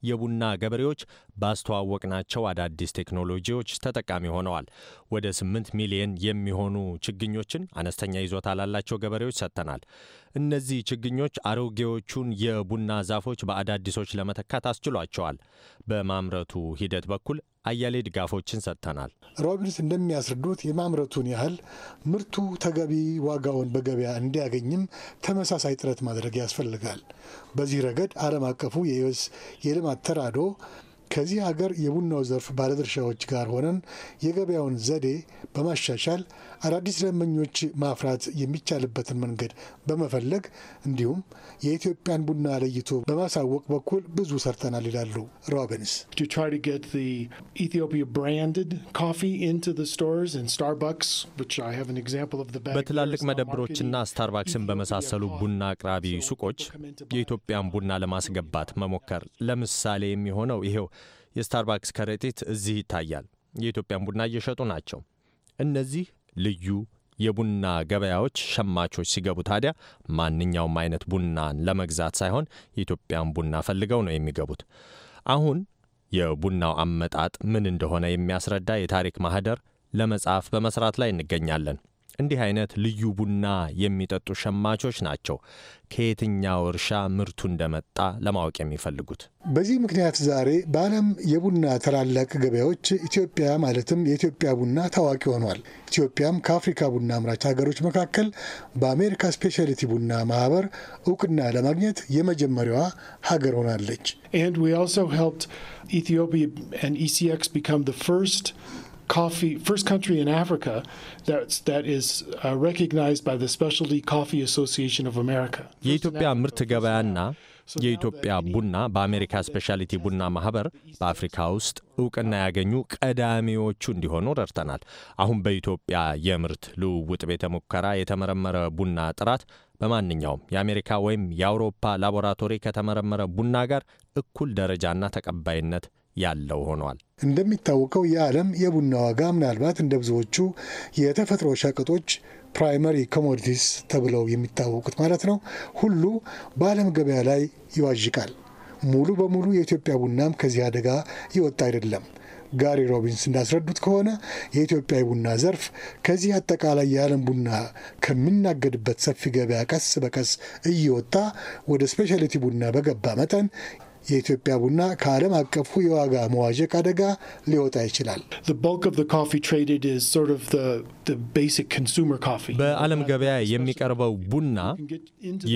የቡና ገበሬዎች ባስተዋወቅናቸው አዳዲስ ቴክኖሎጂዎች ተጠቃሚ ሆነዋል። ወደ 8 ሚሊየን የሚሆኑ ችግኞችን አነስተኛ ይዞታ ላላቸው ገበሬዎች ሰጥተናል። እነዚህ ችግኞች አሮጌዎቹን የቡና ዛፎች በአዳዲሶች ለመተካት አስችሏቸዋል። በማምረቱ ሂደት በኩል አያሌ ድጋፎችን ሰጥተናል። ሮቢንስ እንደሚያስረዱት የማምረቱን ያህል ምርቱ ተገቢ ዋጋውን በገበያ እንዲያገኝም ተመሳሳይ ጥረት ማድረግ ያስፈልጋል። በዚህ ረገድ ዓለም አቀፉ የዩኤስ የልማት ተራድኦ ከዚህ ሀገር የቡናው ዘርፍ ባለድርሻዎች ጋር ሆነን የገበያውን ዘዴ በማሻሻል አዳዲስ ደንበኞች ማፍራት የሚቻልበትን መንገድ በመፈለግ እንዲሁም የኢትዮጵያን ቡና ለይቶ በማሳወቅ በኩል ብዙ ሰርተናል ይላሉ ሮቢንስ። በትላልቅ መደብሮችና ስታርባክስን በመሳሰሉ ቡና አቅራቢ ሱቆች የኢትዮጵያን ቡና ለማስገባት መሞከር ለምሳሌ የሚሆነው ይሄው የስታርባክስ ከረጢት እዚህ ይታያል። የኢትዮጵያን ቡና እየሸጡ ናቸው። እነዚህ ልዩ የቡና ገበያዎች ሸማቾች ሲገቡ ታዲያ ማንኛውም አይነት ቡናን ለመግዛት ሳይሆን የኢትዮጵያን ቡና ፈልገው ነው የሚገቡት። አሁን የቡናው አመጣጥ ምን እንደሆነ የሚያስረዳ የታሪክ ማህደር ለመጻፍ በመስራት ላይ እንገኛለን። እንዲህ አይነት ልዩ ቡና የሚጠጡ ሸማቾች ናቸው ከየትኛው እርሻ ምርቱ እንደመጣ ለማወቅ የሚፈልጉት። በዚህ ምክንያት ዛሬ በዓለም የቡና ታላላቅ ገበያዎች ኢትዮጵያ ማለትም የኢትዮጵያ ቡና ታዋቂ ሆኗል። ኢትዮጵያም ከአፍሪካ ቡና አምራች ሀገሮች መካከል በአሜሪካ ስፔሻሊቲ ቡና ማህበር እውቅና ለማግኘት የመጀመሪያዋ ሀገር ሆናለች። And we also coffee first country in Africa that's that is uh, recognized by the Specialty Coffee Association of America. የኢትዮጵያ ምርት ገበያና የኢትዮጵያ ቡና በአሜሪካ ስፔሻሊቲ ቡና ማህበር በአፍሪካ ውስጥ እውቅና ያገኙ ቀዳሚዎቹ እንዲሆኑ ረድተናል። አሁን በኢትዮጵያ የምርት ልውውጥ ቤተ ሙከራ የተመረመረ ቡና ጥራት በማንኛውም የአሜሪካ ወይም የአውሮፓ ላቦራቶሪ ከተመረመረ ቡና ጋር እኩል ደረጃና ተቀባይነት ያለው ሆኗል። እንደሚታወቀው የዓለም የቡና ዋጋ ምናልባት እንደ ብዙዎቹ የተፈጥሮ ሸቀጦች ፕራይመሪ ኮሞዲቲስ ተብለው የሚታወቁት ማለት ነው ሁሉ በዓለም ገበያ ላይ ይዋዥቃል። ሙሉ በሙሉ የኢትዮጵያ ቡናም ከዚህ አደጋ ይወጣ አይደለም። ጋሪ ሮቢንስ እንዳስረዱት ከሆነ የኢትዮጵያ ቡና ዘርፍ ከዚህ አጠቃላይ የዓለም ቡና ከሚናገድበት ሰፊ ገበያ ቀስ በቀስ እየወጣ ወደ ስፔሻሊቲ ቡና በገባ መጠን የኢትዮጵያ ቡና ከዓለም አቀፉ የዋጋ መዋዠቅ አደጋ ሊወጣ ይችላል። በዓለም ገበያ የሚቀርበው ቡና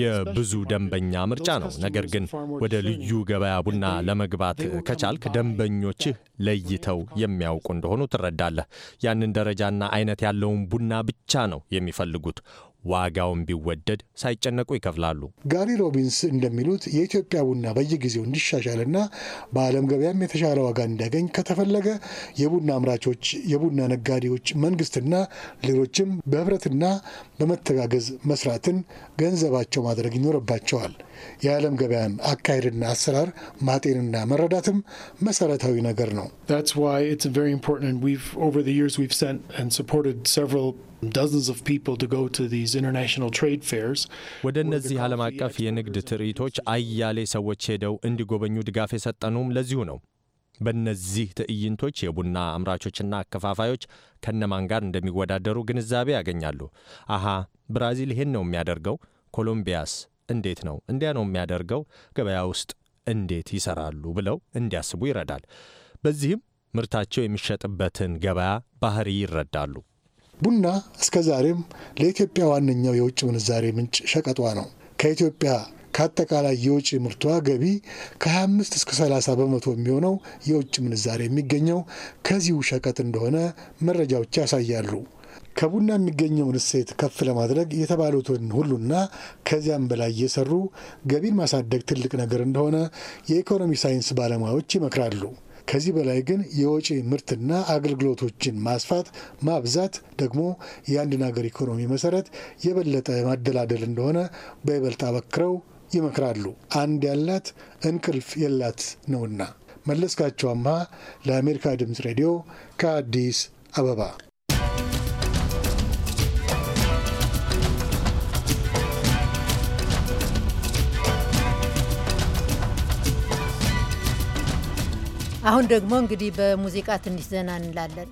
የብዙ ደንበኛ ምርጫ ነው። ነገር ግን ወደ ልዩ ገበያ ቡና ለመግባት ከቻልክ ደንበኞችህ ለይተው የሚያውቁ እንደሆኑ ትረዳለህ። ያንን ደረጃና አይነት ያለውን ቡና ብቻ ነው የሚፈልጉት። ዋጋውን ቢወደድ ሳይጨነቁ ይከፍላሉ። ጋሪ ሮቢንስ እንደሚሉት የኢትዮጵያ ቡና በየጊዜው እንዲሻሻልና በዓለም ገበያም የተሻለ ዋጋ እንዲያገኝ ከተፈለገ የቡና አምራቾች፣ የቡና ነጋዴዎች፣ መንግስትና ሌሎችም በህብረትና በመተጋገዝ መስራትን ገንዘባቸው ማድረግ ይኖርባቸዋል። የዓለም ገበያን አካሄድና አሰራር ማጤንና መረዳትም መሰረታዊ ነገር ነው። ወደ እነዚህ ዓለም አቀፍ የንግድ ትርኢቶች አያሌ ሰዎች ሄደው እንዲጎበኙ ድጋፍ የሰጠኑም ለዚሁ ነው። በእነዚህ ትዕይንቶች የቡና አምራቾችና አከፋፋዮች ከነማን ጋር እንደሚወዳደሩ ግንዛቤ ያገኛሉ። አሃ ብራዚል ይሄን ነው የሚያደርገው፣ ኮሎምቢያስ እንዴት ነው እንዲያ ነው የሚያደርገው፣ ገበያ ውስጥ እንዴት ይሰራሉ ብለው እንዲያስቡ ይረዳል። በዚህም ምርታቸው የሚሸጥበትን ገበያ ባህሪ ይረዳሉ። ቡና እስከ ዛሬም ለኢትዮጵያ ዋነኛው የውጭ ምንዛሬ ምንጭ ሸቀጧ ነው። ከኢትዮጵያ ከአጠቃላይ የውጭ ምርቷ ገቢ ከ25 እስከ 30 በመቶ የሚሆነው የውጭ ምንዛሬ የሚገኘው ከዚሁ ሸቀጥ እንደሆነ መረጃዎች ያሳያሉ። ከቡና የሚገኘውን እሴት ከፍ ለማድረግ የተባሉትን ሁሉና ከዚያም በላይ እየሰሩ ገቢን ማሳደግ ትልቅ ነገር እንደሆነ የኢኮኖሚ ሳይንስ ባለሙያዎች ይመክራሉ። ከዚህ በላይ ግን የወጪ ምርትና አገልግሎቶችን ማስፋት ማብዛት ደግሞ የአንድን ሀገር ኢኮኖሚ መሰረት የበለጠ ማደላደል እንደሆነ በይበልጥ አበክረው ይመክራሉ። አንድ ያላት እንቅልፍ የላት ነውና። መለስካቸው አምሃ ለአሜሪካ ድምፅ ሬዲዮ ከአዲስ አበባ አሁን ደግሞ እንግዲህ በሙዚቃ ትንሽ ዘና እንላለን።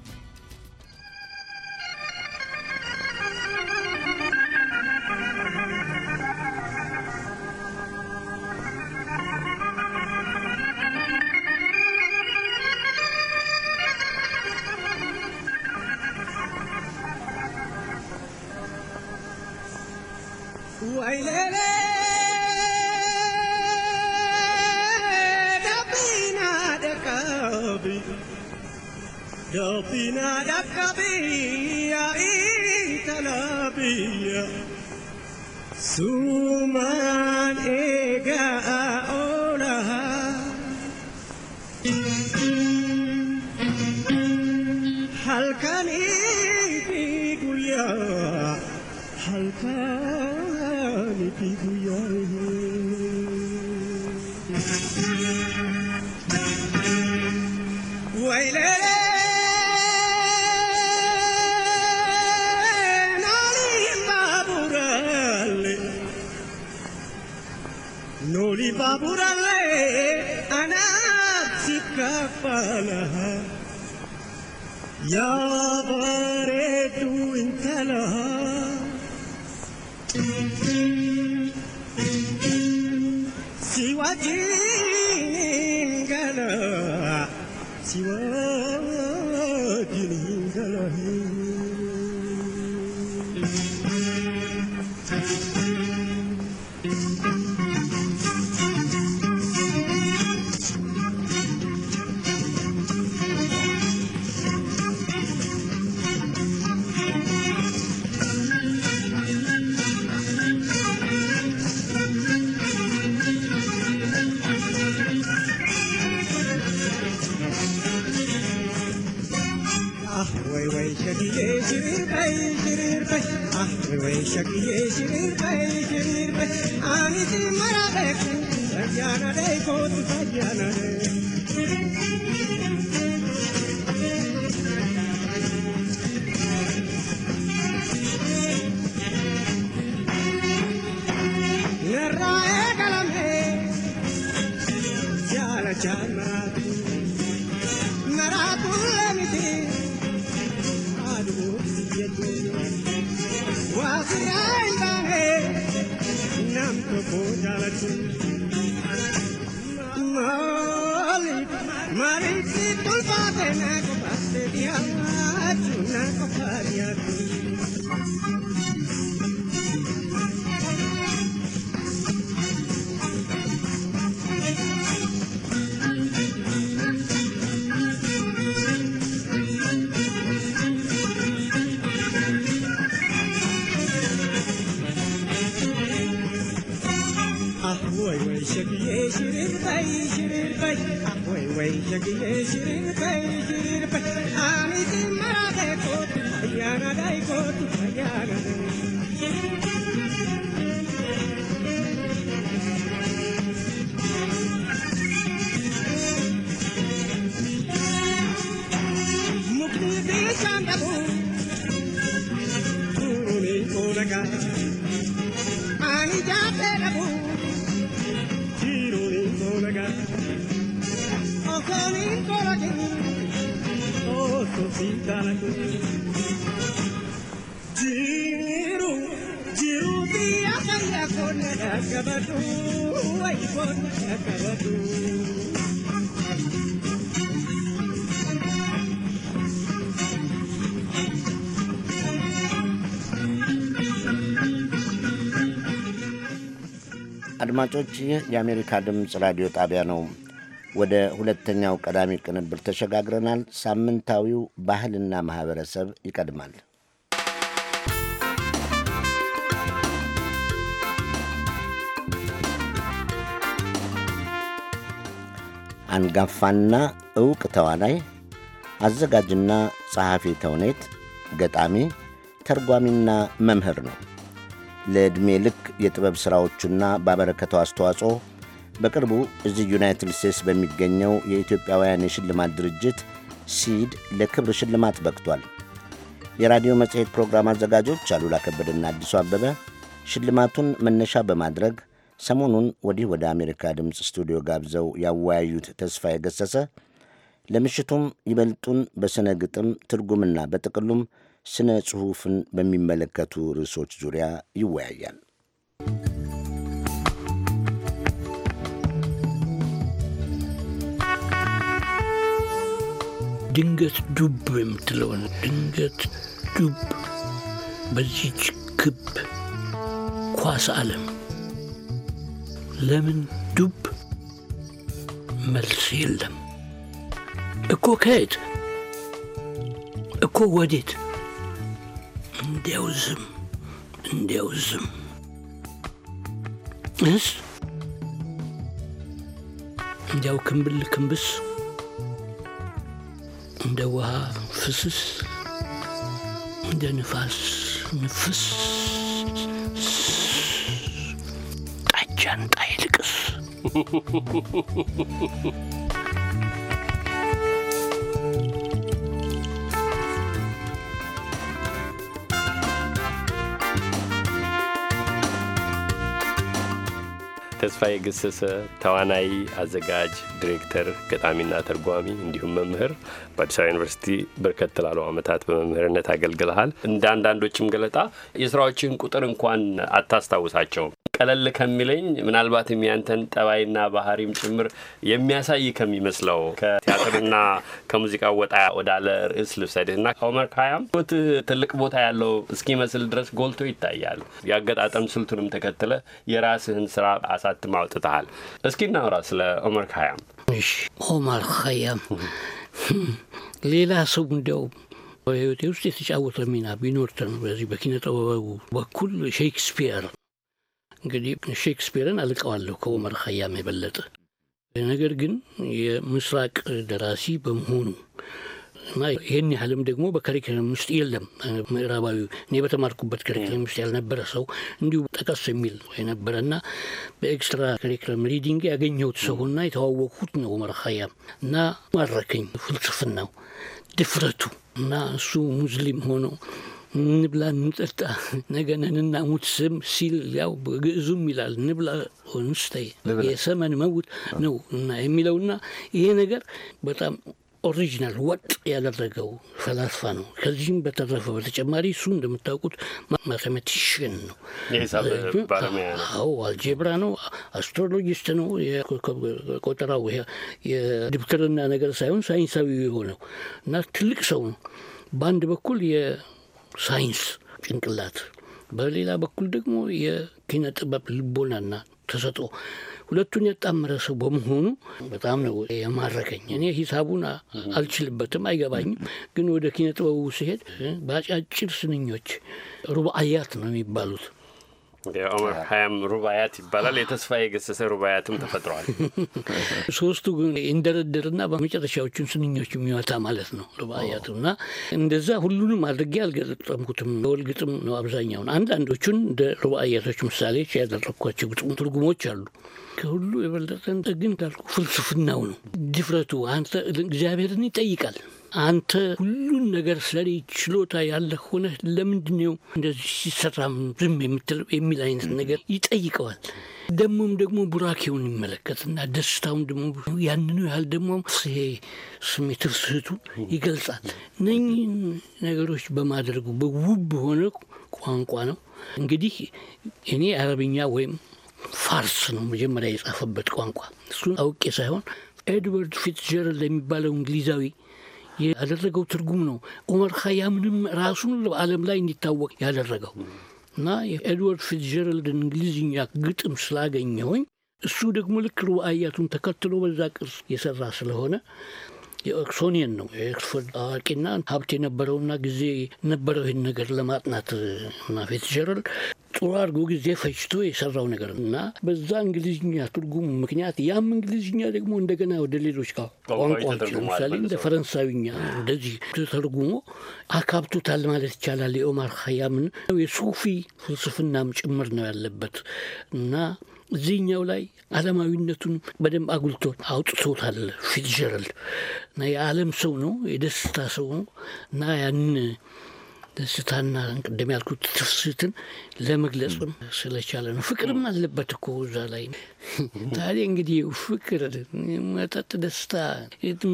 Thank you. I'm gonna go to the hospital. አድማጮች፣ ይህ የአሜሪካ ድምፅ ራዲዮ ጣቢያ ነው። ወደ ሁለተኛው ቀዳሚ ቅንብር ተሸጋግረናል። ሳምንታዊው ባህልና ማህበረሰብ ይቀድማል። አንጋፋና ዕውቅ ተዋናይ፣ አዘጋጅና ጸሐፊ ተውኔት፣ ገጣሚ፣ ተርጓሚና መምህር ነው። ለዕድሜ ልክ የጥበብ ሥራዎቹና ባበረከተው አስተዋጽኦ በቅርቡ እዚህ ዩናይትድ ስቴትስ በሚገኘው የኢትዮጵያውያን የሽልማት ድርጅት ሲድ ለክብር ሽልማት በቅቷል። የራዲዮ መጽሔት ፕሮግራም አዘጋጆች አሉላ ከበደና አዲሱ አበበ ሽልማቱን መነሻ በማድረግ ሰሞኑን ወዲህ ወደ አሜሪካ ድምፅ ስቱዲዮ ጋብዘው ያወያዩት ተስፋ የገሰሰ ለምሽቱም ይበልጡን በሥነ ግጥም ትርጉምና በጥቅሉም ስነ ጽሑፍን በሚመለከቱ ርዕሶች ዙሪያ ይወያያል። ድንገት ዱብ የምትለውን ድንገት ዱብ በዚች ክብ ኳስ ዓለም ለምን ዱብ? መልስ የለም እኮ። ከየት እኮ ወዴት እንዲያው እንዲያውዝም እንዲያው ዝም እስ እንዲያው ክምብል ክምብስ እንደ ውሃ ፍስስ እንደ ንፋስ ንፍስ ጣጃንጣ ይልቅስ ተስፋዬ ገሰሰ ተዋናይ፣ አዘጋጅ፣ ዲሬክተር፣ ገጣሚና ተርጓሚ እንዲሁም መምህር በአዲስ አበባ ዩኒቨርሲቲ በርከት ላሉ ዓመታት በመምህርነት አገልግልሃል። እንደ አንዳንዶችም ገለጣ የስራዎችን ቁጥር እንኳን አታስታውሳቸውም። ቀለል ከሚለኝ ምናልባትም ያንተን ጠባይና ባህሪም ጭምር የሚያሳይ ከሚመስለው ከቲያትርና ከሙዚቃ ወጣ ወዳለ ርዕስ ልብሰድህና ኦመር ካያም ህይወትህ ትልቅ ቦታ ያለው እስኪመስል ድረስ ጎልቶ ይታያል። የአገጣጠም ስልቱንም ተከትለ የራስህን ስራ አሳትም አውጥተሃል። እስኪ እናውራ ስለ ኦመር ካያም። ኦመር ካያም ሌላ ሰው እንደው በህይወቴ ውስጥ የተጫወተ ሚና ቢኖርተን በዚህ በኪነ ጥበቡ በኩል ሼክስፒየር እንግዲህ ሼክስፒርን አልቀዋለሁ ከኦመር ኸያም የበለጠ ነገር ግን የምስራቅ ደራሲ በመሆኑ እና ይህን ያህልም ደግሞ በከሪክለም ውስጥ የለም። ምዕራባዊ እኔ በተማርኩበት ከሪክለም ውስጥ ያልነበረ ሰው እንዲሁ ጠቀስ የሚል የነበረና በኤክስትራ ከሪክለም ሪዲንግ ያገኘሁት ሰውና የተዋወቅሁት ነው ኦመር ኸያም እና ማረከኝ። ፍልስፍናው፣ ድፍረቱ እና እሱ ሙስሊም ሆኖ እንብላ እንጠጣ፣ ነገነን እናሙት ስም ሲል ያው በግዕዙም ይላል ንብላ ንስተይ የሰመን መውት ነው እና የሚለውና ይሄ ነገር በጣም ኦሪጂናል ወጥ ያደረገው ፈላስፋ ነው። ከዚህም በተረፈ በተጨማሪ እሱ እንደምታውቁት ማቴማቲሽን ነው፣ አልጀብራ ነው፣ አስትሮሎጂስት ነው። ቆጠራው የድብትርና ነገር ሳይሆን ሳይንሳዊ የሆነው እና ትልቅ ሰው ነው። በአንድ በኩል ሳይንስ ጭንቅላት፣ በሌላ በኩል ደግሞ የኪነ ጥበብ ልቦናና ተሰጥኦ ሁለቱን ያጣመረ ሰው በመሆኑ በጣም ነው የማረከኝ። እኔ ሂሳቡን አልችልበትም፣ አይገባኝም። ግን ወደ ኪነ ጥበቡ ሲሄድ በአጫጭር ስንኞች ሩብአያት ነው የሚባሉት የኦመር ሀያም ሩባያት ይባላል። የተስፋዬ ገሰሰ ሩባያትም ተፈጥረዋል። ሶስቱ ግን እንደረደርና በመጨረሻዎቹን ስንኞች የሚወጣ ማለት ነው ሩባያቱ እና እንደዛ ሁሉንም አድርጌ አልገጠምኩትም። ወል ግጥም ነው አብዛኛውን። አንዳንዶቹን እንደ ሩባያቶች ምሳሌዎች ያደረግኳቸው ግጥም ትርጉሞች አሉ። ከሁሉ የበለጠ ግን እንዳልኩ ፍልስፍናው ነው ድፍረቱ። አንተ እግዚአብሔርን ይጠይቃል አንተ ሁሉን ነገር ስለኔ ችሎታ ያለ ሆነ ለምንድነው እንደዚህ ሲሰራ ዝም የምትለው የሚል አይነት ነገር ይጠይቀዋል። ደግሞም ደግሞ ቡራኬውን ይመለከትና ደስታውን ደግሞ ያንኑ ያህል ደግሞ ይሄ ስሜት ርስህቱ ይገልጻል። እነኚህን ነገሮች በማድረጉ በውብ ሆነ ቋንቋ ነው እንግዲህ እኔ አረብኛ ወይም ፋርስ ነው መጀመሪያ የጻፈበት ቋንቋ እሱን አውቄ ሳይሆን ኤድዋርድ ፊትጀራልድ የሚባለው እንግሊዛዊ ያደረገው ትርጉም ነው ኡመር ኸያምንም ራሱን ዓለም ላይ እንዲታወቅ ያደረገው እና የኤድዋርድ ፊትጀረልድን እንግሊዝኛ ግጥም ስላገኘሁኝ እሱ ደግሞ ልክ ሩአያቱን ተከትሎ በዛ ቅርጽ የሰራ ስለሆነ የኦክሶኒየን ነው የኦክስፎርድ አዋቂና ሀብት የነበረውና ጊዜ ነበረው ይህን ነገር ለማጥናት እና ፊትጀረልድ ጥሩ አድርጎ ጊዜ ፈጅቶ የሰራው ነገር እና በዛ እንግሊዝኛ ትርጉሙ ምክንያት ያም እንግሊዝኛ ደግሞ እንደገና ወደ ሌሎች ቋንቋዎች ለምሳሌ እንደ ፈረንሳዊኛ እንደዚህ ተተርጉሞ አካብቶታል ማለት ይቻላል። የኦማር ኸያምን የሱፊ ፍልስፍናም ጭምር ነው ያለበት እና እዚህኛው ላይ ዓለማዊነቱን በደንብ አጉልቶ አውጥቶታል። ፊትጀራልድ እና የዓለም ሰው ነው፣ የደስታ ሰው ነው እና ያን ደስታና ቅድም ያልኩት ትፍስትን ለመግለጹም ስለቻለ ነው። ፍቅርም አለበት እኮ እዛ ላይ። ታዲያ እንግዲህ ፍቅር፣ መጠጥ፣ ደስታ፣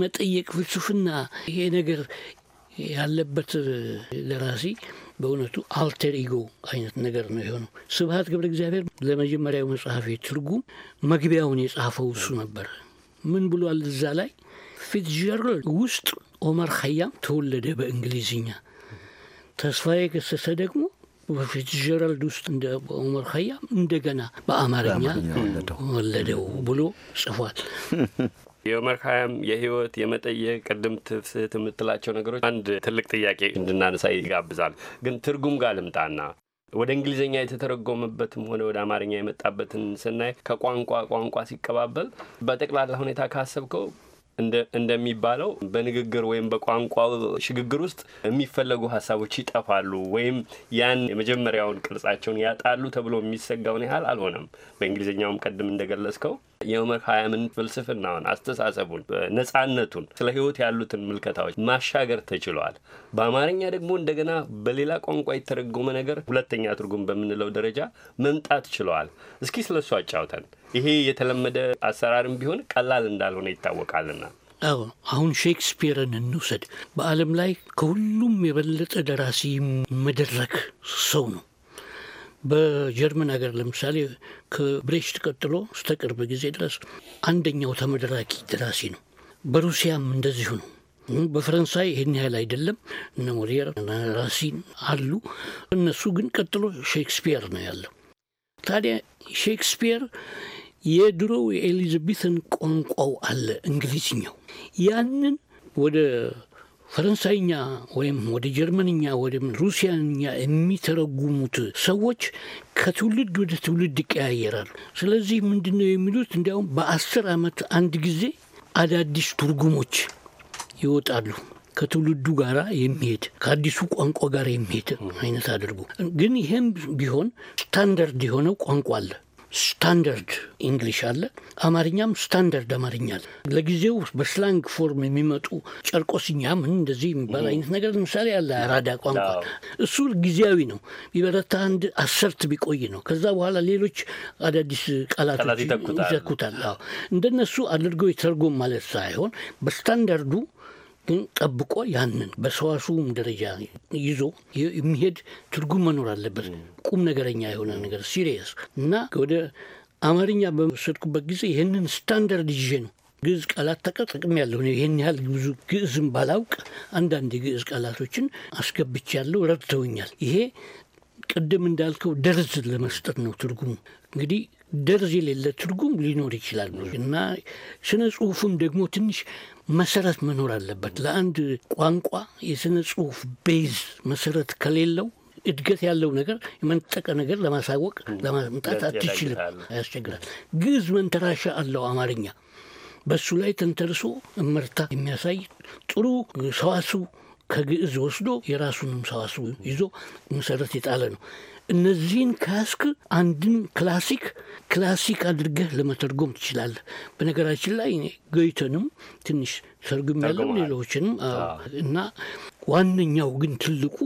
መጠየቅ፣ ፍልስፍና ይሄ ነገር ያለበት ደራሲ በእውነቱ አልተር ኢጎ አይነት ነገር ነው የሆነው። ስብሀት ገብረ እግዚአብሔር ለመጀመሪያው መጽሐፍ ትርጉም መግቢያውን የጻፈው እሱ ነበር። ምን ብሏል እዛ ላይ? ፊትጀራልድ ውስጥ ኦማር ኸያም ተወለደ በእንግሊዝኛ ተስፋዬ ገሰሰ ደግሞ በፊት ጀራልድ ውስጥ እንደ ኦመር ኸያም እንደገና በአማርኛ ወለደው ብሎ ጽፏል። የኦመር ኸያም የህይወት የመጠየቅ ቅድም ትፍስህት የምትላቸው ነገሮች አንድ ትልቅ ጥያቄ እንድናነሳ ይጋብዛል። ግን ትርጉም ጋር ልምጣና ወደ እንግሊዝኛ የተተረጎመበትም ሆነ ወደ አማርኛ የመጣበትን ስናይ ከቋንቋ ቋንቋ ሲቀባበል በጠቅላላ ሁኔታ ካሰብከው እንደሚባለው በንግግር ወይም በቋንቋ ሽግግር ውስጥ የሚፈለጉ ሀሳቦች ይጠፋሉ ወይም ያን የመጀመሪያውን ቅርጻቸውን ያጣሉ ተብሎ የሚሰጋውን ያህል አልሆነም። በእንግሊዝኛውም ቀድም እንደገለጽከው የዑመር ኸያምን ፍልስፍናውን፣ አስተሳሰቡን፣ ነጻነቱን፣ ስለ ህይወት ያሉትን ምልከታዎች ማሻገር ተችሏል። በአማርኛ ደግሞ እንደገና በሌላ ቋንቋ የተረጎመ ነገር ሁለተኛ ትርጉም በምንለው ደረጃ መምጣት ችለዋል። እስኪ ስለ እሱ አጫውተን። ይሄ የተለመደ አሰራርም ቢሆን ቀላል እንዳልሆነ ይታወቃልና። አዎ አሁን ሼክስፒርን እንውሰድ። በዓለም ላይ ከሁሉም የበለጠ ደራሲ መድረክ ሰው ነው። በጀርመን ሀገር ለምሳሌ ከብሬሽት ቀጥሎ እስከ ቅርብ ጊዜ ድረስ አንደኛው ተመደራቂ ደራሲ ነው። በሩሲያም እንደዚሁ ነው። በፈረንሳይ ይህን ያህል አይደለም። እነ ሞሊየር ራሲን አሉ። እነሱ ግን ቀጥሎ ሼክስፒየር ነው ያለው። ታዲያ ሼክስፒየር የድሮው የኤሊዛቤትን ቋንቋው አለ እንግሊዝኛው፣ ያንን ወደ ፈረንሳይኛ ወይም ወደ ጀርመንኛ ወይም ሩሲያኛ የሚተረጉሙት ሰዎች ከትውልድ ወደ ትውልድ ይቀያየራሉ። ስለዚህ ምንድን ነው የሚሉት? እንዲያውም በአስር ዓመት አንድ ጊዜ አዳዲስ ትርጉሞች ይወጣሉ። ከትውልዱ ጋር የሚሄድ ከአዲሱ ቋንቋ ጋር የሚሄድ አይነት አድርጉ። ግን ይህም ቢሆን ስታንዳርድ የሆነው ቋንቋ አለ። ስታንዳርድ እንግሊሽ አለ፣ አማርኛም ስታንዳርድ አማርኛ አለ። ለጊዜው በስላንግ ፎርም የሚመጡ ጨርቆስኛ ምን እንደዚህ የሚባል አይነት ነገር ለምሳሌ አለ አራዳ ቋንቋ። እሱ ጊዜያዊ ነው፣ ቢበረታ አንድ አሰርት ቢቆይ ነው። ከዛ በኋላ ሌሎች አዳዲስ ቃላቶች ይዘኩታል። እንደነሱ አድርገው የተርጎም ማለት ሳይሆን በስታንዳርዱ ግን ጠብቆ ያንን በሰዋስውም ደረጃ ይዞ የሚሄድ ትርጉም መኖር አለበት። ቁም ነገረኛ የሆነ ነገር ሲሪየስ እና ወደ አማርኛ በወሰድኩበት ጊዜ ይህንን ስታንዳርድ ይዤ ነው ግዕዝ ቃላት ተጠቅም ያለሁ ይህን ያህል ብዙ ግዕዝም ባላውቅ አንዳንድ የግዕዝ ቃላቶችን ያለው ረድተውኛል። ይሄ ቅድም እንዳልከው ደርዝ ለመስጠት ነው ትርጉሙ እንግዲህ ደርዝ የሌለ ትርጉም ሊኖር ይችላል እና ስነ ጽሁፉም ደግሞ ትንሽ መሰረት መኖር አለበት። ለአንድ ቋንቋ የስነ ጽሁፍ ቤዝ መሰረት ከሌለው እድገት ያለው ነገር የመንጠቀ ነገር ለማሳወቅ ለማምጣት አትችልም፣ ያስቸግራል። ግዕዝ መንተራሻ አለው አማርኛ በሱ ላይ ተንተርሶ እመርታ የሚያሳይ ጥሩ ሰዋስው ከግዕዝ ወስዶ የራሱንም ሰዋስው ይዞ መሰረት የጣለ ነው። እነዚህን ካስክ አንድን ክላሲክ ክላሲክ አድርገህ ለመተርጎም ትችላለህ። በነገራችን ላይ ገይተንም ትንሽ ተርጉም ያለው ሌሎችንም እና ዋነኛው ግን ትልቁ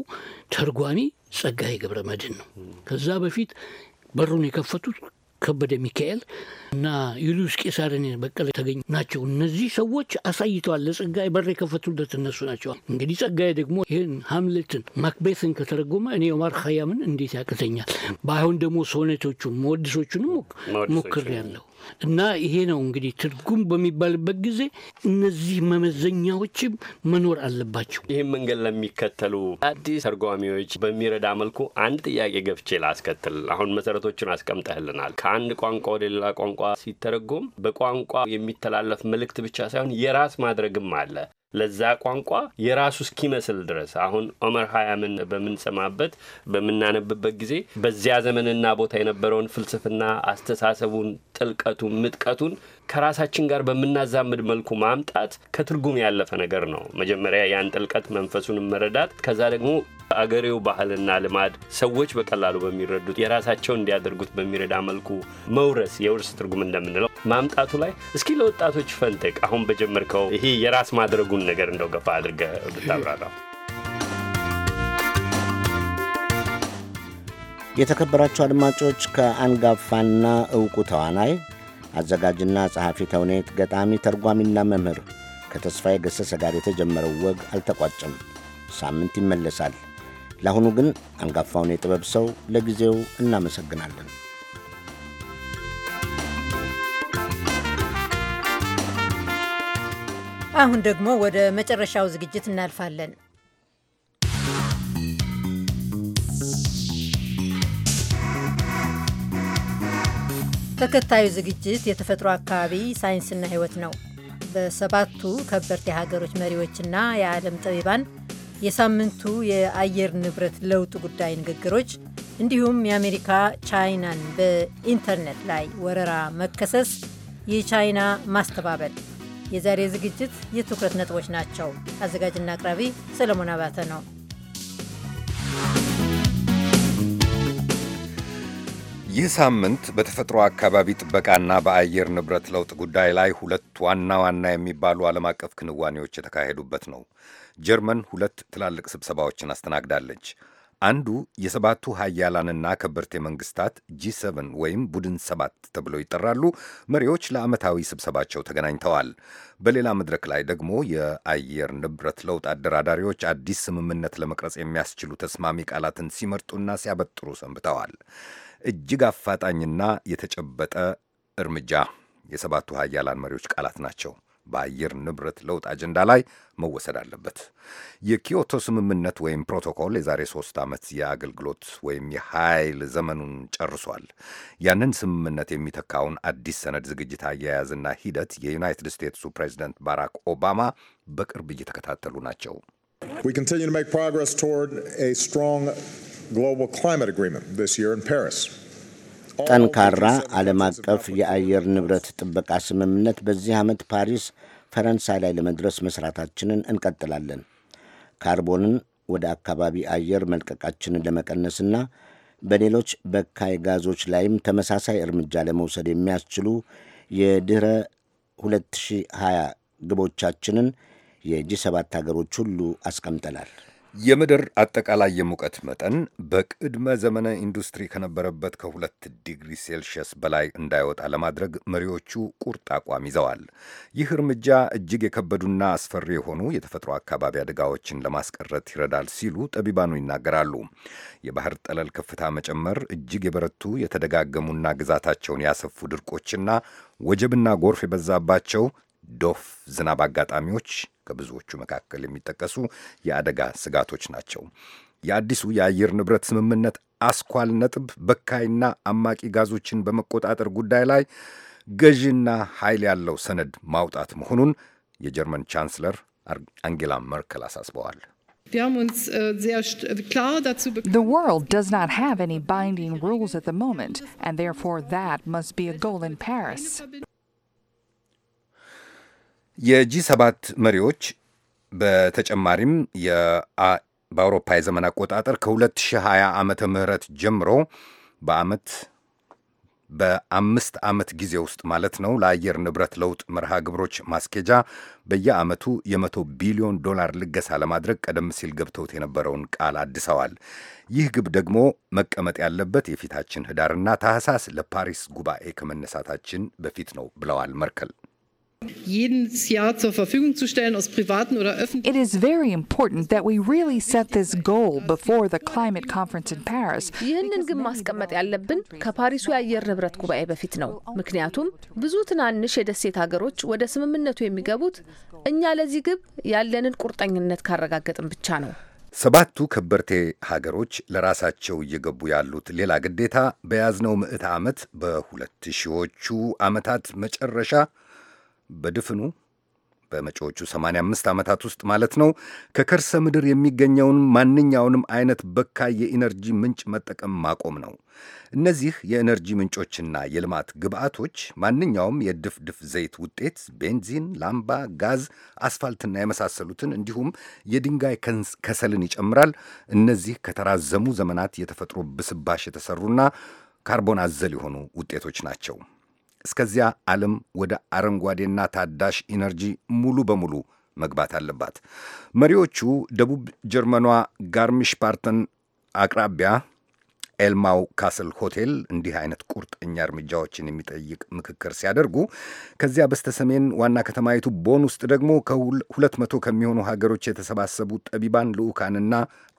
ተርጓሚ ጸጋዬ ገብረ መድኅን ነው። ከዛ በፊት በሩን የከፈቱት ከበደ ሚካኤል እና ዩልዩስ ቄሳርን በቀለ ተገኙ ናቸው። እነዚህ ሰዎች አሳይተዋል። ለጸጋዬ በር የከፈቱለት እነሱ ናቸው። እንግዲህ ጸጋዬ ደግሞ ይህን ሀምሌትን ማክቤትን ከተረጎመ እኔ ኦማር ኸያምን እንዴት ያቅተኛል? በአሁን ደግሞ ሶኔቶቹን መወድሶቹንም ያለው እና ይሄ ነው እንግዲህ ትርጉም በሚባልበት ጊዜ እነዚህ መመዘኛዎችም መኖር አለባቸው። ይህም መንገድ ለሚከተሉ አዲስ ተርጓሚዎች በሚረዳ መልኩ አንድ ጥያቄ ገፍቼ ላስከትል። አሁን መሰረቶችን አስቀምጠህልናል። ከአንድ ቋንቋ ወደ ሌላ ቋንቋ ሲተረጎም በቋንቋ የሚተላለፍ መልእክት ብቻ ሳይሆን የራስ ማድረግም አለ። ለዛ ቋንቋ የራሱ እስኪመስል ድረስ አሁን ኦመር ሀያምን በምንሰማበት በምናነብበት ጊዜ በዚያ ዘመንና ቦታ የነበረውን ፍልስፍና፣ አስተሳሰቡን፣ ጥልቀቱን፣ ምጥቀቱን ከራሳችን ጋር በምናዛምድ መልኩ ማምጣት ከትርጉም ያለፈ ነገር ነው። መጀመሪያ ያን ጥልቀት መንፈሱንም መረዳት፣ ከዛ ደግሞ አገሬው ባህልና ልማድ ሰዎች በቀላሉ በሚረዱት የራሳቸው እንዲያደርጉት በሚረዳ መልኩ መውረስ የውርስ ትርጉም እንደምንለው ማምጣቱ ላይ እስኪ ለወጣቶች ፈንጥቅ አሁን በጀመርከው ይሄ የራስ ማድረጉን ነገር እንደው ገፋ አድርገ ብታብራራ። የተከበራቸው አድማጮች ከአንጋፋና እውቁ ተዋናይ አዘጋጅና ጸሐፊ ተውኔት፣ ገጣሚ፣ ተርጓሚና መምህር ከተስፋዬ ገሰሰ ጋር የተጀመረው ወግ አልተቋጨም። ሳምንት ይመለሳል። ለአሁኑ ግን አንጋፋውን የጥበብ ሰው ለጊዜው እናመሰግናለን። አሁን ደግሞ ወደ መጨረሻው ዝግጅት እናልፋለን። ተከታዩ ዝግጅት የተፈጥሮ አካባቢ ሳይንስና ሕይወት ነው። በሰባቱ ከበርቴ የሀገሮች መሪዎችና የዓለም ጠቢባን የሳምንቱ የአየር ንብረት ለውጥ ጉዳይ ንግግሮች፣ እንዲሁም የአሜሪካ ቻይናን በኢንተርኔት ላይ ወረራ መከሰስ፣ የቻይና ማስተባበል የዛሬ ዝግጅት የትኩረት ነጥቦች ናቸው። አዘጋጅና አቅራቢ ሰለሞን አባተ ነው። ይህ ሳምንት በተፈጥሮ አካባቢ ጥበቃና በአየር ንብረት ለውጥ ጉዳይ ላይ ሁለት ዋና ዋና የሚባሉ ዓለም አቀፍ ክንዋኔዎች የተካሄዱበት ነው። ጀርመን ሁለት ትላልቅ ስብሰባዎችን አስተናግዳለች። አንዱ የሰባቱ ሀያላንና ከበርቴ መንግስታት ጂ7 ወይም ቡድን ሰባት ተብለው ይጠራሉ መሪዎች ለዓመታዊ ስብሰባቸው ተገናኝተዋል። በሌላ መድረክ ላይ ደግሞ የአየር ንብረት ለውጥ አደራዳሪዎች አዲስ ስምምነት ለመቅረጽ የሚያስችሉ ተስማሚ ቃላትን ሲመርጡና ሲያበጥሩ ሰንብተዋል። እጅግ አፋጣኝና የተጨበጠ እርምጃ የሰባቱ ሀያላን መሪዎች ቃላት ናቸው። በአየር ንብረት ለውጥ አጀንዳ ላይ መወሰድ አለበት። የኪዮቶ ስምምነት ወይም ፕሮቶኮል የዛሬ ሶስት ዓመት የአገልግሎት ወይም የኃይል ዘመኑን ጨርሷል። ያንን ስምምነት የሚተካውን አዲስ ሰነድ ዝግጅት አያያዝና ሂደት የዩናይትድ ስቴትሱ ፕሬዚደንት ባራክ ኦባማ በቅርብ እየተከታተሉ ናቸው። We continue to make progress toward a strong ጠንካራ ዓለም አቀፍ የአየር ንብረት ጥበቃ ስምምነት በዚህ ዓመት ፓሪስ ፈረንሳይ ላይ ለመድረስ መስራታችንን እንቀጥላለን። ካርቦንን ወደ አካባቢ አየር መልቀቃችንን ለመቀነስና በሌሎች በካይ ጋዞች ላይም ተመሳሳይ እርምጃ ለመውሰድ የሚያስችሉ የድኅረ 2020 ግቦቻችንን የጂ ሰባት ሀገሮች ሁሉ አስቀምጠናል። የምድር አጠቃላይ የሙቀት መጠን በቅድመ ዘመነ ኢንዱስትሪ ከነበረበት ከሁለት ዲግሪ ሴልሺየስ በላይ እንዳይወጣ ለማድረግ መሪዎቹ ቁርጥ አቋም ይዘዋል። ይህ እርምጃ እጅግ የከበዱና አስፈሪ የሆኑ የተፈጥሮ አካባቢ አደጋዎችን ለማስቀረት ይረዳል ሲሉ ጠቢባኑ ይናገራሉ። የባህር ጠለል ከፍታ መጨመር፣ እጅግ የበረቱ የተደጋገሙና ግዛታቸውን ያሰፉ ድርቆችና ወጀብና ጎርፍ የበዛባቸው ዶፍ ዝናብ አጋጣሚዎች ከብዙዎቹ መካከል የሚጠቀሱ የአደጋ ስጋቶች ናቸው። የአዲሱ የአየር ንብረት ስምምነት አስኳል ነጥብ በካይና አማቂ ጋዞችን በመቆጣጠር ጉዳይ ላይ ገዢና ኃይል ያለው ሰነድ ማውጣት መሆኑን የጀርመን ቻንስለር አንጌላ መርከል አሳስበዋል። äh, äh, The world does not have any binding rules at the moment, and therefore that must be a goal in Paris. የጂ ሰባት መሪዎች በተጨማሪም በአውሮፓ የዘመን አቆጣጠር ከ2020 ዓመተ ምህረት ጀምሮ በአመት በአምስት ዓመት ጊዜ ውስጥ ማለት ነው ለአየር ንብረት ለውጥ መርሃ ግብሮች ማስኬጃ በየአመቱ የመቶ ቢሊዮን ዶላር ልገሳ ለማድረግ ቀደም ሲል ገብተውት የነበረውን ቃል አድሰዋል። ይህ ግብ ደግሞ መቀመጥ ያለበት የፊታችን ህዳርና ታህሳስ ለፓሪስ ጉባኤ ከመነሳታችን በፊት ነው ብለዋል መርከል። jedes Jahr zur Verfügung zu stellen aus privaten oder öffentlichen. It is very important that we really set this goal before the climate conference in Paris. ይህንን ግን ማስቀመጥ ያለብን ከፓሪሱ የአየር ንብረት ጉባኤ በፊት ነው። ምክንያቱም ብዙ ትናንሽ የደሴት ሀገሮች ወደ ስምምነቱ የሚገቡት እኛ ለዚህ ግብ ያለንን ቁርጠኝነት ካረጋገጥን ብቻ ነው። ሰባቱ ከበርቴ ሀገሮች ለራሳቸው እየገቡ ያሉት ሌላ ግዴታ በያዝነው ምዕተ ዓመት በሁለት ሺዎቹ ዓመታት መጨረሻ በድፍኑ በመጪዎቹ 85 ዓመታት ውስጥ ማለት ነው ከከርሰ ምድር የሚገኘውን ማንኛውንም አይነት በካይ የኢነርጂ ምንጭ መጠቀም ማቆም ነው። እነዚህ የኢነርጂ ምንጮችና የልማት ግብዓቶች ማንኛውም የድፍድፍ ዘይት ውጤት፣ ቤንዚን፣ ላምባ፣ ጋዝ፣ አስፋልትና የመሳሰሉትን እንዲሁም የድንጋይ ከሰልን ይጨምራል። እነዚህ ከተራዘሙ ዘመናት የተፈጥሮ ብስባሽ የተሰሩና ካርቦን አዘል የሆኑ ውጤቶች ናቸው። እስከዚያ ዓለም ወደ አረንጓዴና ታዳሽ ኢነርጂ ሙሉ በሙሉ መግባት አለባት። መሪዎቹ ደቡብ ጀርመኗ ጋርሚሽ ፓርተን አቅራቢያ ኤልማው ካስል ሆቴል እንዲህ አይነት ቁርጠኛ እርምጃዎችን የሚጠይቅ ምክክር ሲያደርጉ ከዚያ በስተሰሜን ዋና ከተማይቱ ቦን ውስጥ ደግሞ ከሁለት መቶ ከሚሆኑ ሀገሮች የተሰባሰቡ ጠቢባን ልዑካንና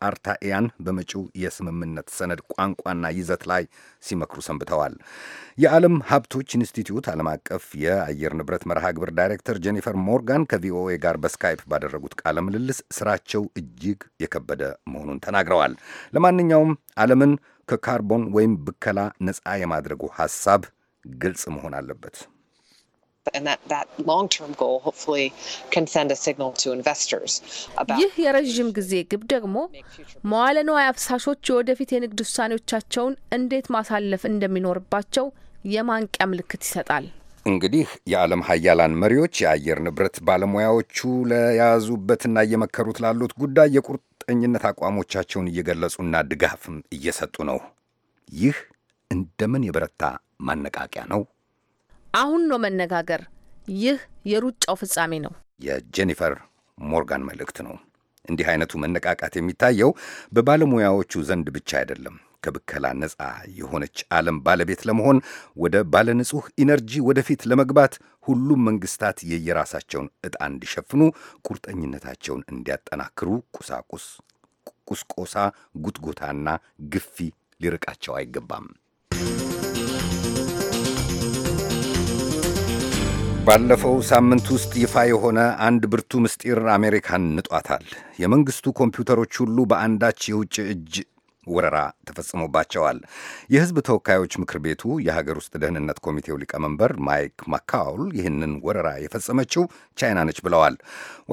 አርታኢያን በመጪው የስምምነት ሰነድ ቋንቋና ይዘት ላይ ሲመክሩ ሰንብተዋል። የዓለም ሀብቶች ኢንስቲትዩት ዓለም አቀፍ የአየር ንብረት መርሃ ግብር ዳይሬክተር ጄኒፈር ሞርጋን ከቪኦኤ ጋር በስካይፕ ባደረጉት ቃለ ምልልስ ስራቸው እጅግ የከበደ መሆኑን ተናግረዋል። ለማንኛውም ዓለምን ከካርቦን ወይም ብከላ ነፃ የማድረጉ ሐሳብ ግልጽ መሆን አለበት። ይህ የረዥም ጊዜ ግብ ደግሞ መዋለ ንዋይ አፍሳሾች የወደፊት የንግድ ውሳኔዎቻቸውን እንዴት ማሳለፍ እንደሚኖርባቸው የማንቂያ ምልክት ይሰጣል። እንግዲህ የዓለም ሀያላን መሪዎች የአየር ንብረት ባለሙያዎቹ ለያዙበትና እየመከሩት ላሉት ጉዳይ በቁርጠኝነት አቋሞቻቸውን እየገለጹና ድጋፍም እየሰጡ ነው። ይህ እንደምን የበረታ ማነቃቂያ ነው። አሁን ነው መነጋገር። ይህ የሩጫው ፍጻሜ ነው። የጄኒፈር ሞርጋን መልእክት ነው። እንዲህ አይነቱ መነቃቃት የሚታየው በባለሙያዎቹ ዘንድ ብቻ አይደለም። ከብከላ ነፃ የሆነች ዓለም ባለቤት ለመሆን ወደ ባለንጹህ ኢነርጂ ወደፊት ለመግባት ሁሉም መንግስታት የየራሳቸውን ዕጣ እንዲሸፍኑ ቁርጠኝነታቸውን እንዲያጠናክሩ ቁሳቁስ፣ ቁስቆሳ፣ ጉትጎታና ግፊ ሊርቃቸው አይገባም። ባለፈው ሳምንት ውስጥ ይፋ የሆነ አንድ ብርቱ ምስጢር አሜሪካን ንጧታል። የመንግስቱ ኮምፒውተሮች ሁሉ በአንዳች የውጭ እጅ ወረራ ተፈጽሞባቸዋል። የህዝብ ተወካዮች ምክር ቤቱ የሀገር ውስጥ ደህንነት ኮሚቴው ሊቀመንበር ማይክ ማካውል ይህንን ወረራ የፈጸመችው ቻይና ነች ብለዋል።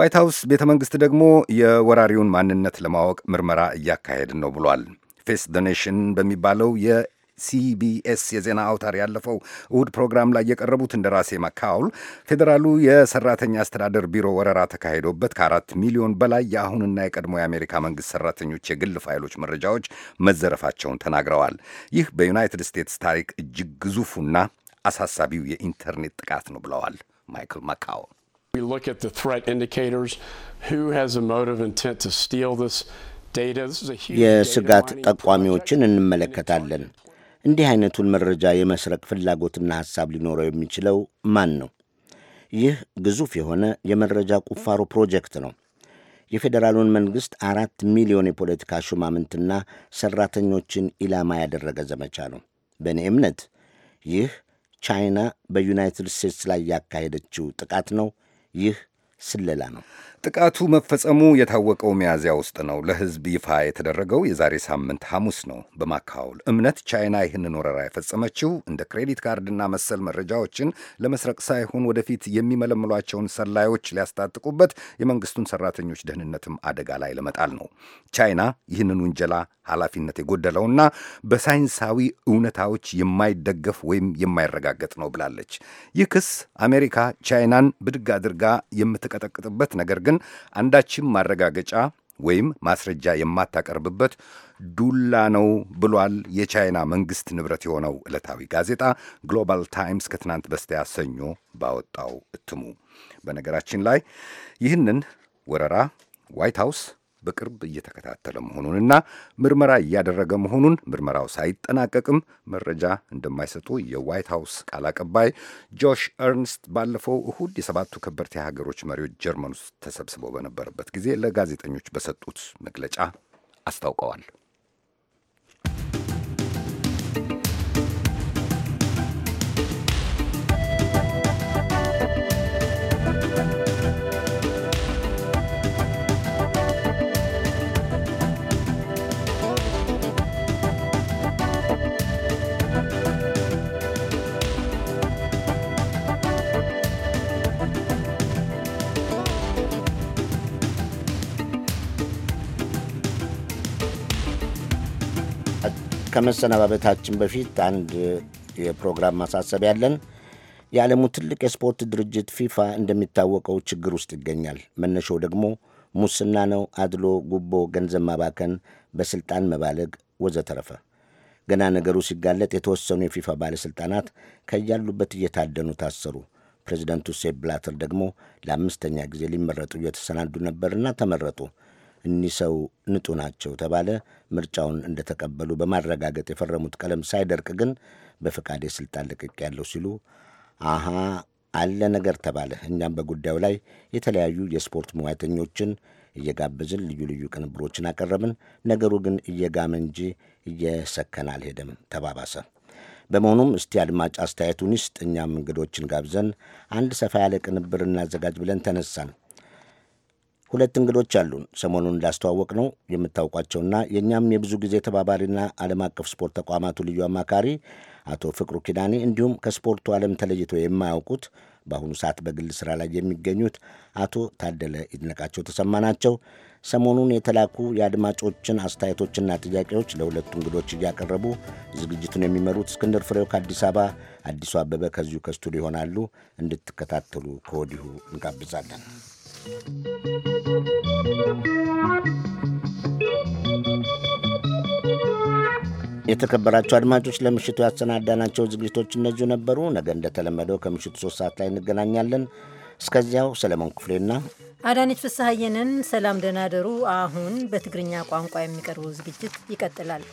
ዋይት ሀውስ ቤተ መንግስት ደግሞ የወራሪውን ማንነት ለማወቅ ምርመራ እያካሄድን ነው ብሏል። ፌስ ዶኔሽን በሚባለው በሚባለው ሲቢኤስ የዜና አውታር ያለፈው እሁድ ፕሮግራም ላይ የቀረቡት እንደራሴ መካውል ፌዴራሉ የሰራተኛ አስተዳደር ቢሮ ወረራ ተካሂዶበት ከአራት ሚሊዮን በላይ የአሁንና የቀድሞ የአሜሪካ መንግስት ሰራተኞች የግል ፋይሎች መረጃዎች መዘረፋቸውን ተናግረዋል። ይህ በዩናይትድ ስቴትስ ታሪክ እጅግ ግዙፉና አሳሳቢው የኢንተርኔት ጥቃት ነው ብለዋል ማይክል መካውል። We look at the threat indicators. Who has a motive intent to steal this data? This is a huge የስጋት ጠቋሚዎችን እንመለከታለን። እንዲህ አይነቱን መረጃ የመስረቅ ፍላጎትና ሐሳብ ሊኖረው የሚችለው ማን ነው? ይህ ግዙፍ የሆነ የመረጃ ቁፋሮ ፕሮጀክት ነው። የፌዴራሉን መንግሥት አራት ሚሊዮን የፖለቲካ ሹማምንትና ሠራተኞችን ኢላማ ያደረገ ዘመቻ ነው። በእኔ እምነት ይህ ቻይና በዩናይትድ ስቴትስ ላይ ያካሄደችው ጥቃት ነው። ይህ ስለላ ነው። ጥቃቱ መፈጸሙ የታወቀው ሚያዝያ ውስጥ ነው። ለሕዝብ ይፋ የተደረገው የዛሬ ሳምንት ሐሙስ ነው። በማካውል እምነት ቻይና ይህንን ወረራ የፈጸመችው እንደ ክሬዲት ካርድና መሰል መረጃዎችን ለመስረቅ ሳይሆን ወደፊት የሚመለምሏቸውን ሰላዮች ሊያስታጥቁበት፣ የመንግስቱን ሰራተኞች ደህንነትም አደጋ ላይ ለመጣል ነው። ቻይና ይህንን ውንጀላ ኃላፊነት የጎደለውና በሳይንሳዊ እውነታዎች የማይደገፍ ወይም የማይረጋገጥ ነው ብላለች። ይህ ክስ አሜሪካ ቻይናን ብድግ አድርጋ የምትቀጠቅጥበት ነገር ግን ግን አንዳችም ማረጋገጫ ወይም ማስረጃ የማታቀርብበት ዱላ ነው ብሏል የቻይና መንግስት ንብረት የሆነው ዕለታዊ ጋዜጣ ግሎባል ታይምስ ከትናንት በስቲያ ሰኞ ባወጣው እትሙ። በነገራችን ላይ ይህንን ወረራ ዋይት ሃውስ በቅርብ እየተከታተለ መሆኑንና ምርመራ እያደረገ መሆኑን ምርመራው ሳይጠናቀቅም መረጃ እንደማይሰጡ የዋይት ሀውስ ቃል አቀባይ ጆሽ ኤርንስት ባለፈው እሁድ የሰባቱ ከበርቴ ሀገሮች መሪዎች ጀርመን ውስጥ ተሰብስበው በነበረበት ጊዜ ለጋዜጠኞች በሰጡት መግለጫ አስታውቀዋል። ከመሰነባበታችን በፊት አንድ የፕሮግራም ማሳሰቢያ ያለን። የዓለሙ ትልቅ የስፖርት ድርጅት ፊፋ እንደሚታወቀው ችግር ውስጥ ይገኛል። መነሻው ደግሞ ሙስና ነው። አድሎ፣ ጉቦ፣ ገንዘብ ማባከን፣ በስልጣን መባለግ ወዘተረፈ። ገና ነገሩ ሲጋለጥ የተወሰኑ የፊፋ ባለሥልጣናት ከያሉበት እየታደኑ ታሰሩ። ፕሬዚደንቱ ሴፕ ብላተር ደግሞ ለአምስተኛ ጊዜ ሊመረጡ እየተሰናዱ ነበርና ተመረጡ። እኒህ ሰው ንጡ ናቸው ተባለ። ምርጫውን እንደተቀበሉ በማረጋገጥ የፈረሙት ቀለም ሳይደርቅ ግን በፈቃዴ ስልጣን ልቅቅ ያለው ሲሉ አሃ አለ ነገር ተባለ። እኛም በጉዳዩ ላይ የተለያዩ የስፖርት ሙያተኞችን እየጋበዝን ልዩ ልዩ ቅንብሮችን አቀረብን። ነገሩ ግን እየጋመ እንጂ እየሰከነ አልሄደም፣ ተባባሰ። በመሆኑም እስቲ አድማጭ አስተያየቱን ይስጥ። እኛም እንግዶችን ጋብዘን አንድ ሰፋ ያለ ቅንብር እናዘጋጅ ብለን ተነሳን። ሁለት እንግዶች አሉን። ሰሞኑን እንዳስተዋወቅ ነው የምታውቋቸውና የእኛም የብዙ ጊዜ ተባባሪና ዓለም አቀፍ ስፖርት ተቋማቱ ልዩ አማካሪ አቶ ፍቅሩ ኪዳኔ እንዲሁም ከስፖርቱ ዓለም ተለይቶ የማያውቁት በአሁኑ ሰዓት በግል ስራ ላይ የሚገኙት አቶ ታደለ ይድነቃቸው ተሰማ ናቸው። ሰሞኑን የተላኩ የአድማጮችን አስተያየቶችና ጥያቄዎች ለሁለቱ እንግዶች እያቀረቡ ዝግጅቱን የሚመሩት እስክንድር ፍሬው ከአዲስ አበባ፣ አዲሱ አበበ ከዚሁ ከስቱዲዮ ይሆናሉ። እንድትከታተሉ ከወዲሁ እንጋብዛለን። የተከበራቸው አድማጮች ለምሽቱ ያሰናዳናቸው ዝግጅቶች እነዚሁ ነበሩ። ነገ እንደተለመደው ከምሽቱ ሶስት ሰዓት ላይ እንገናኛለን። እስከዚያው ሰለሞን ክፍሌና አዳነች ፍስሐየንን ሰላም ደህና ደሩ። አሁን በትግርኛ ቋንቋ የሚቀርበው ዝግጅት ይቀጥላል።